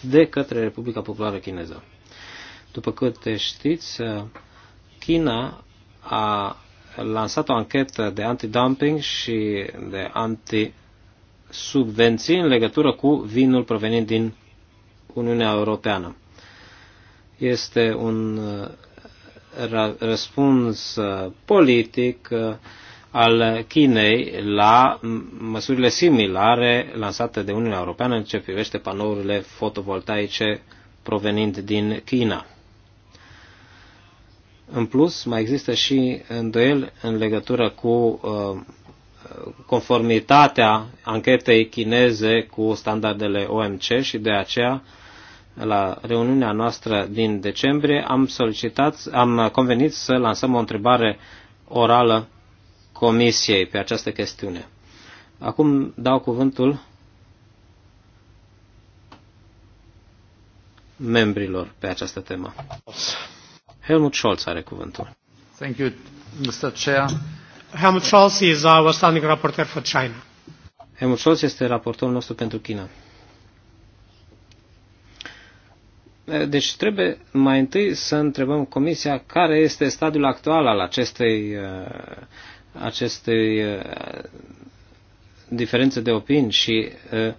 de către Republica Populară Chineză. După câte știți, China a lansat o anchetă de anti-dumping și de anti anti-subvenții în legătură cu vinul provenit din Uniunea Europeană. Este un uh, răspuns uh, politic uh, al Chinei la măsurile similare lansate de Uniunea Europeană în ce privește panourile fotovoltaice provenind din China. În plus, mai există și îndoieli în legătură cu conformitatea anchetei chineze cu standardele OMC și de aceea la reuniunea noastră din decembrie, am solicitat, am convenit să lansăm o întrebare orală Comisiei pe această chestiune. Acum dau cuvântul membrilor pe această temă. Helmut Scholz are cuvântul. Thank you, Mr. Chair. Helmut Scholz is our standing rapporteur for China. Helmut Scholz este raportorul nostru pentru China. Deci trebuie mai întâi să întrebăm Comisia care este stadiul actual al acestei, uh, acestei uh, diferențe de opinii și uh,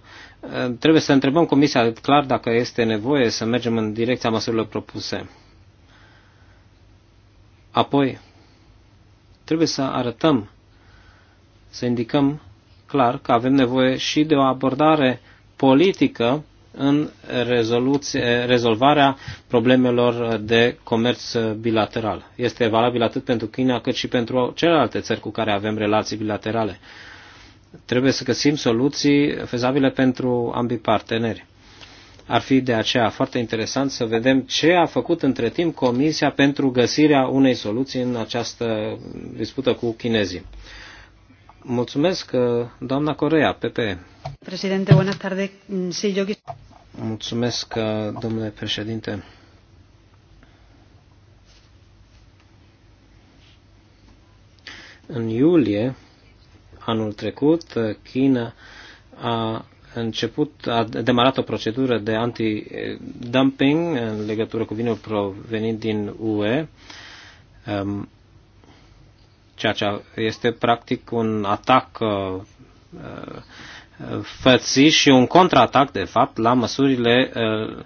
trebuie să întrebăm Comisia clar dacă este nevoie să mergem în direcția măsurilor propuse. Apoi, trebuie să arătăm, să indicăm clar că avem nevoie și de o abordare politică în rezolvarea problemelor de comerț bilateral. Este valabil atât pentru China cât și pentru celelalte țări cu care avem relații bilaterale. Trebuie să găsim soluții fezabile pentru ambii parteneri. Ar fi de aceea foarte interesant să vedem ce a făcut între timp Comisia pentru găsirea unei soluții în această dispută cu chinezii. Mulțumesc, uh, doamna Corea, PP. Președinte, bună tardes. Mm, sí, yo... Mulțumesc, uh, domnule președinte. În iulie anul trecut, uh, China a început, a demarat o procedură de anti-dumping în legătură cu vinul provenit din UE. Um, ceea ce este practic un atac uh, uh, fății și un contraatac, de fapt, la măsurile uh,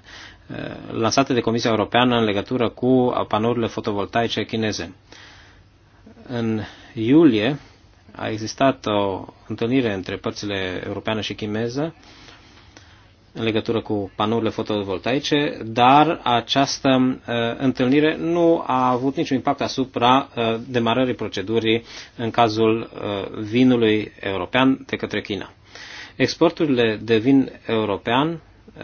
lansate de Comisia Europeană în legătură cu panourile fotovoltaice chineze. În iulie a existat o întâlnire între părțile europeană și chineză în legătură cu panourile fotovoltaice, dar această uh, întâlnire nu a avut niciun impact asupra uh, demarării procedurii în cazul uh, vinului european de către China. Exporturile de vin european uh,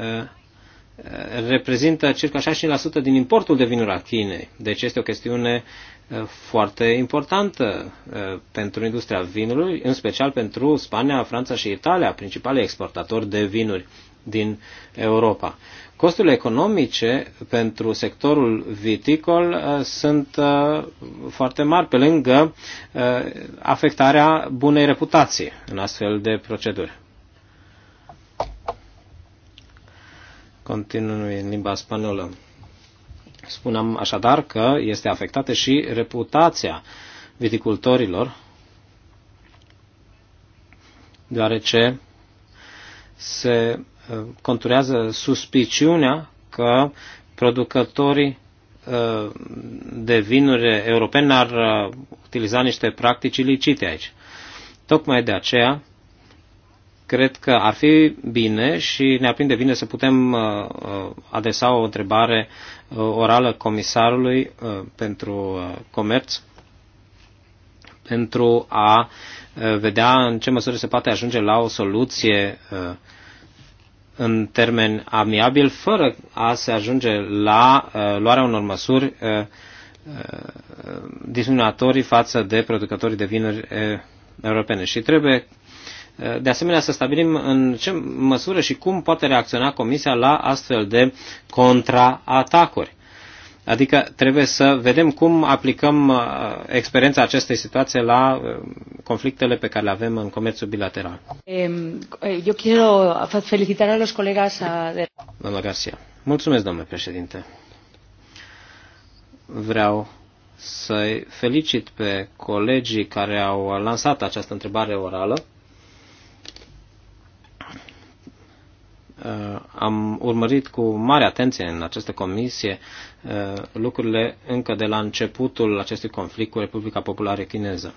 reprezintă circa 60% din importul de vinuri al Chinei. Deci este o chestiune uh, foarte importantă uh, pentru industria vinului, în special pentru Spania, Franța și Italia, principale exportatori de vinuri din Europa. Costurile economice pentru sectorul viticol uh, sunt uh, foarte mari, pe lângă uh, afectarea bunei reputații în astfel de proceduri. Continuăm în limba spaniolă. Spuneam așadar că este afectată și reputația viticultorilor, deoarece se conturează suspiciunea că producătorii uh, de vinuri europene ar uh, utiliza niște practici ilicite aici. Tocmai de aceea, cred că ar fi bine și ne aprinde bine să putem uh, adresa o întrebare orală comisarului pentru comerț pentru a vedea în ce măsură se poate ajunge la o soluție uh, în termen amiabil, fără a se ajunge la uh, luarea unor măsuri uh, uh discriminatorii față de producătorii de vinuri uh, europene. Și trebuie uh, de asemenea să stabilim în ce măsură și cum poate reacționa Comisia la astfel de contraatacuri. Adică trebuie să vedem cum aplicăm uh, experiența acestei situații la uh, conflictele pe care le avem în comerțul bilateral. Eu eh, quiero felicitar a los colegas de... Doamna Garcia. Mulțumesc, domnule președinte. Vreau să-i felicit pe colegii care au lansat această întrebare orală Uh, am urmărit cu mare atenție în această comisie uh, lucrurile încă de la începutul acestui conflict cu Republica Populară Chineză.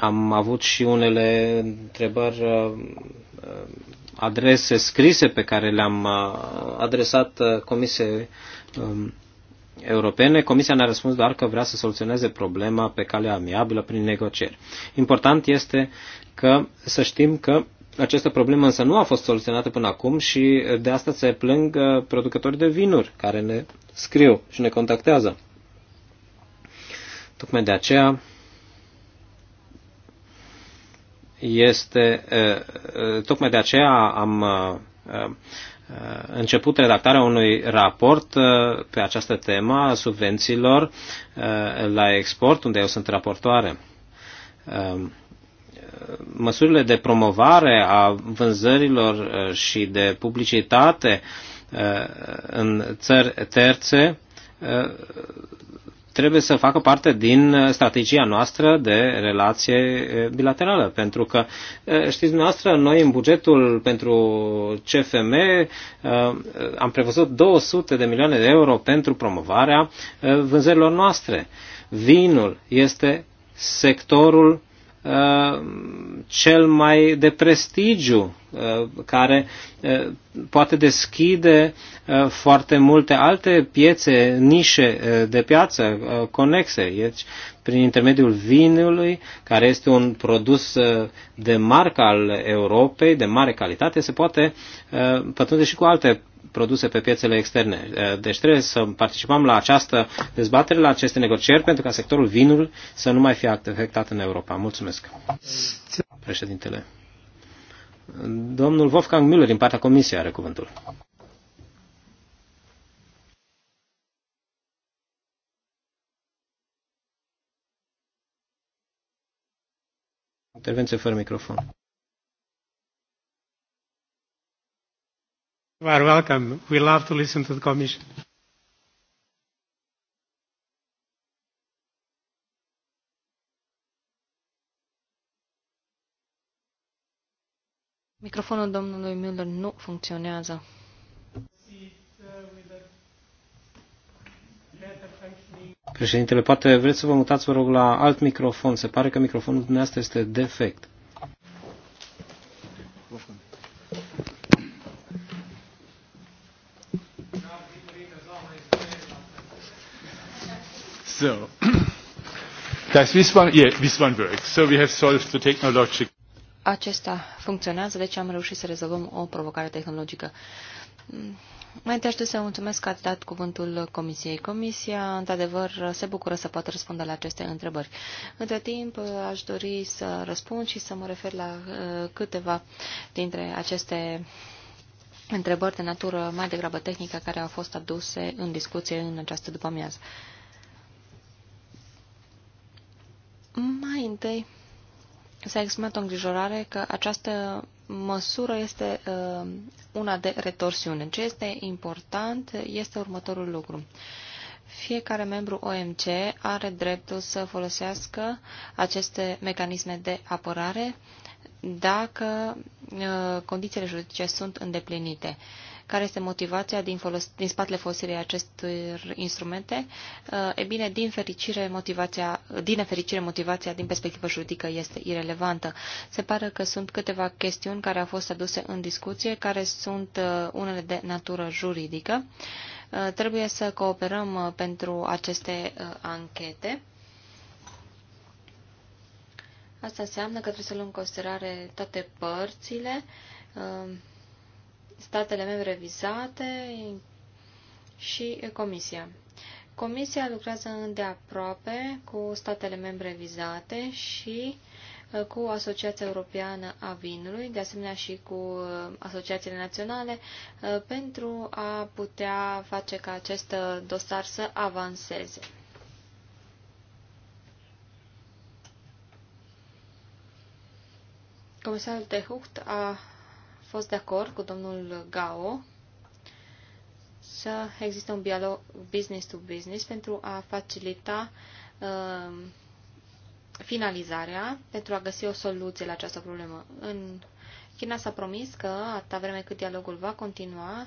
Am avut și unele întrebări, uh, adrese scrise pe care le-am adresat Comisiei um, Europene. Comisia ne-a răspuns doar că vrea să soluționeze problema pe calea amiabilă prin negocieri. Important este că să știm că această problemă însă nu a fost soluționată până acum și de asta se plâng uh, producătorii de vinuri care ne scriu și ne contactează. Tocmai de aceea este, uh, uh, tocmai de aceea am început redactarea unui raport pe această temă a subvențiilor la export, unde eu sunt raportoare. Um, măsurile de promovare a vânzărilor uh, și de publicitate uh, în țări terțe uh, trebuie să facă parte din strategia noastră de relație bilaterală. Pentru că, știți dumneavoastră, noi în bugetul pentru CFM am prevăzut 200 de milioane de euro pentru promovarea vânzărilor noastre. Vinul este sectorul Uh, cel mai de prestigiu, uh, care uh, poate deschide foarte multe alte piețe, nișe de piață conexe. Deci, prin intermediul vinului, care este un produs de marcă al Europei, de mare calitate, se poate pătrunde și cu alte produse pe piețele externe. Eh, deci trebuie să participăm la această dezbatere, la aceste negocieri, pentru ca sectorul vinului să nu mai fie afectat în Europa. Mulțumesc, președintele. Domnul Wolfgang Müller din partea Comisiei are cuvântul. Intervenție fără microfon. You are welcome. We love to listen to the Commission. Microfonul domnului Müller nu funcționează. Președintele, poate vreți să vă mutați, vă rog, la alt microfon. Se pare că microfonul dumneavoastră este defect. this one, yeah, this one works. So we have solved the technological. Acesta funcționează, deci am reușit să rezolvăm o provocare tehnologică. Mm, mai întâi aș să mulțumesc că ați dat cuvântul Comisiei. Comisia, într-adevăr, se bucură să poată răspunde la aceste întrebări. Între timp, aș dori să răspund și să mă refer la uh, câteva dintre aceste întrebări de natură mai degrabă tehnică care au fost aduse în discuție în această după-amiază. Mai întâi s-a exprimat o îngrijorare că această măsură este uh, una de retorsiune. Ce este important este următorul lucru. Fiecare membru OMC are dreptul să folosească aceste mecanisme de apărare dacă uh, condițiile juridice sunt îndeplinite. Uh, care este motivația din, folos- din spatele folosirii acestor instrumente? Eh, e bine, din fericire, motivația, din fericire motivația din perspectivă juridică este irelevantă. Se pare că sunt câteva chestiuni care au fost aduse în discuție, care sunt eh, unele de natură juridică. Eh, trebuie să cooperăm pentru aceste anchete. Asta înseamnă că trebuie să luăm în considerare toate părțile statele membre vizate și Comisia. Comisia lucrează îndeaproape cu statele membre vizate și uh, cu Asociația Europeană a Vinului, de asemenea și cu uh, asociațiile naționale, uh, pentru a putea face ca acest dosar să avanseze. Comisarul de Hucht a fost de acord cu domnul Gao să existe un dialog business to business pentru a facilita uh, finalizarea, pentru a găsi o soluție la această problemă. În China s-a promis că, atâta vreme cât dialogul va continua,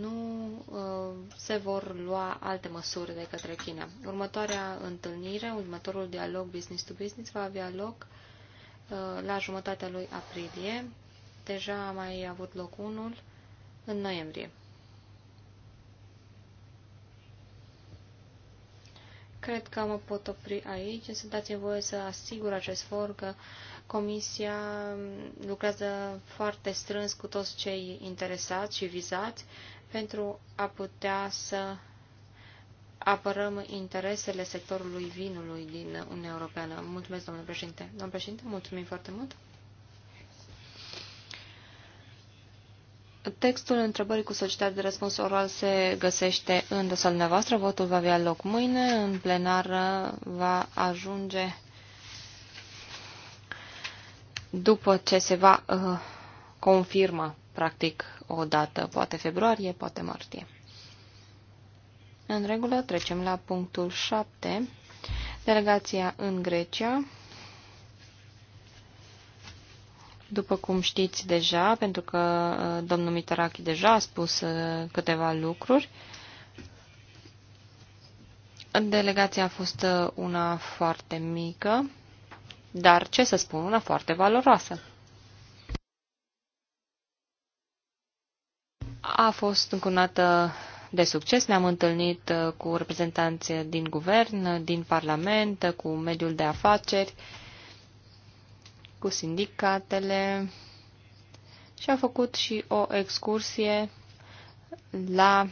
nu uh, se vor lua alte măsuri de către China. Următoarea întâlnire, următorul dialog business to business va avea loc uh, la jumătatea lui aprilie Deja a mai avut loc unul în noiembrie. Cred că mă pot opri aici, să dați voie să asigur acest for că Comisia lucrează foarte strâns cu toți cei interesați și vizați pentru a putea să apărăm interesele sectorului vinului din Uniunea Europeană. Mulțumesc, domnule președinte. Domnule președinte, mulțumim foarte mult. Textul întrebării cu solicitare de răspuns oral se găsește în dosarul dumneavoastră. Votul va avea loc mâine. În plenară va ajunge după ce se va uh, confirma, practic, o dată, poate februarie, poate martie. În regulă, trecem la punctul 7. Delegația în Grecia. După cum știți deja, pentru că uh, domnul Mitarachi deja a spus uh, câteva lucruri, delegația a fost uh, una foarte mică, dar, ce să spun, una foarte valoroasă. A fost încunată de succes. Ne-am întâlnit cu reprezentanții din guvern, din parlament, cu mediul de afaceri, cu sindicatele și a făcut și o excursie la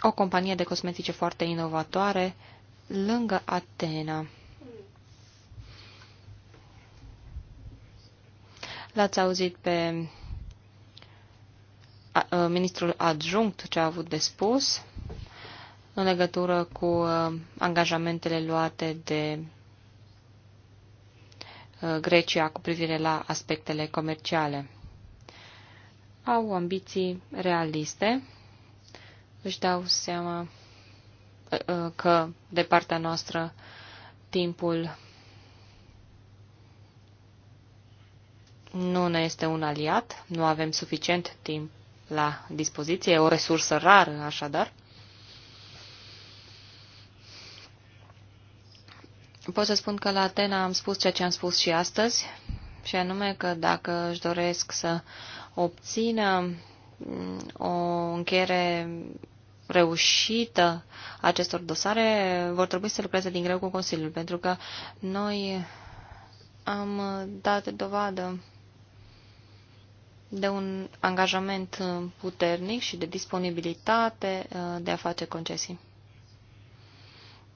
o companie de cosmetice foarte inovatoare lângă Atena. L-ați auzit pe ministrul adjunct ce a avut de spus în legătură cu angajamentele luate de Uh, Grecia cu privire la aspectele comerciale. Au ambiții realiste, își dau seama uh, că de partea noastră timpul nu ne este un aliat, nu avem suficient timp la dispoziție, e o resursă rară așadar. pot să spun că la Atena am spus ceea ce am spus și astăzi, și anume că dacă își doresc să obțină mm, o încheiere reușită acestor dosare, vor trebui să lucreze din greu cu Consiliul, pentru că noi am dat dovadă de un angajament puternic și de disponibilitate uh, de a face concesii.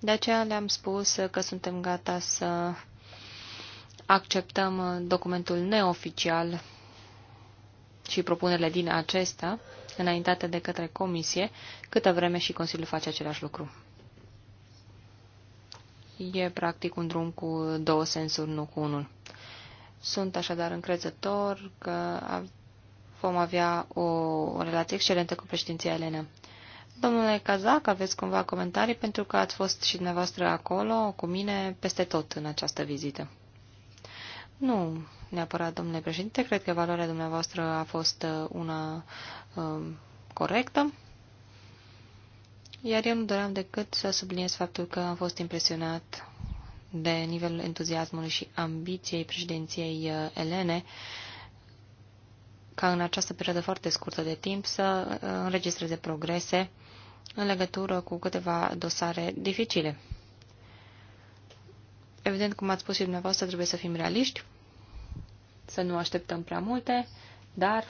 De aceea le-am spus că suntem gata să acceptăm documentul neoficial și propunerile din acesta, înaintate de către Comisie, câtă vreme și Consiliul face același lucru. E practic un drum cu două sensuri, nu cu unul. Sunt așadar încrezător că vom avea o, relație excelentă cu președinția Elena. Domnule Cazac, aveți cumva comentarii pentru că ați fost și dumneavoastră acolo cu mine peste tot în această vizită. Nu neapărat, domnule președinte, cred că valoarea dumneavoastră a fost uh, una um, corectă. Iar eu nu doream decât să subliniez faptul că am fost impresionat de nivelul entuziasmului și ambiției președinției uh, Elene ca în această perioadă foarte scurtă de timp să uh, înregistreze progrese în legătură cu câteva dosare dificile. Evident, cum ați spus și dumneavoastră, trebuie să fim realiști, să nu așteptăm prea multe, dar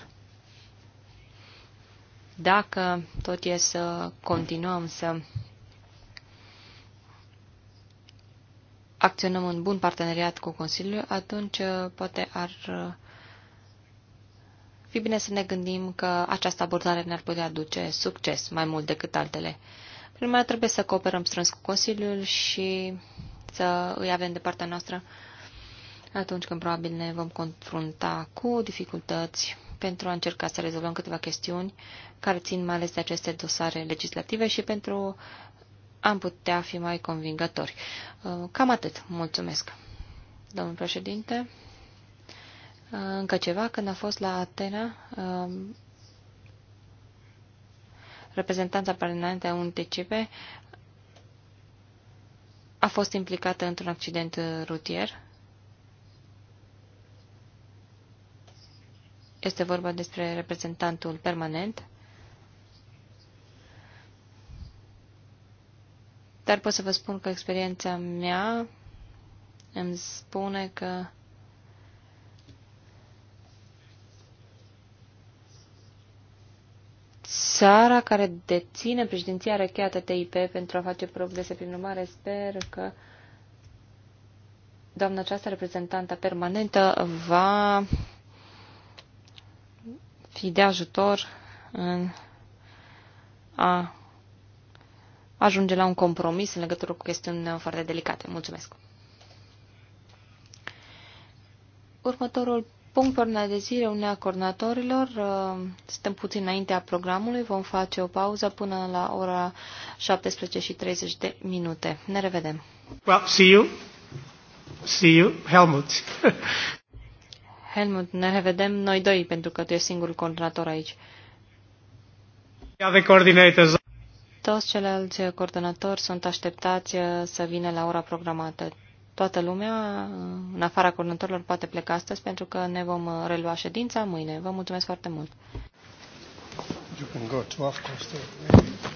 dacă tot e să continuăm să acționăm în bun parteneriat cu Consiliul, atunci poate ar fi bine să ne gândim că această abordare ne-ar putea aduce succes mai mult decât altele. Prima trebuie să cooperăm strâns cu Consiliul și să îi avem de partea noastră atunci când probabil ne vom confrunta cu dificultăți pentru a încerca să rezolvăm câteva chestiuni care țin mai ales de aceste dosare legislative și pentru a putea fi mai convingători. Cam atât. Mulțumesc. Domnul președinte, Uh, încă ceva. Când a fost la Atena, uh, reprezentanța permanentă a UNTCP a fost implicată într-un accident rutier. Este vorba despre reprezentantul permanent. Dar pot să vă spun că experiența mea îmi spune că țara care deține președinția recheată TIP pentru a face progrese. Prin urmare, sper că doamna aceasta reprezentantă permanentă va fi de ajutor în a ajunge la un compromis în legătură cu chestiuni foarte delicate. Mulțumesc! Următorul punct pe ordinea de zi, coordonatorilor. Uh, suntem puțin înaintea programului, vom face o pauză până la ora 17:30 de minute. Ne revedem. Well, see you. See you, Helmut. Helmut, ne revedem noi doi, pentru că tu ești singurul coordonator aici. Toți ceilalți coordonatori sunt așteptați uh, să vină la ora programată. Toată lumea, în afara coordonatorilor, poate pleca astăzi pentru că ne vom uh, relua ședința mâine. Vă mulțumesc foarte mult! You can go to, of course,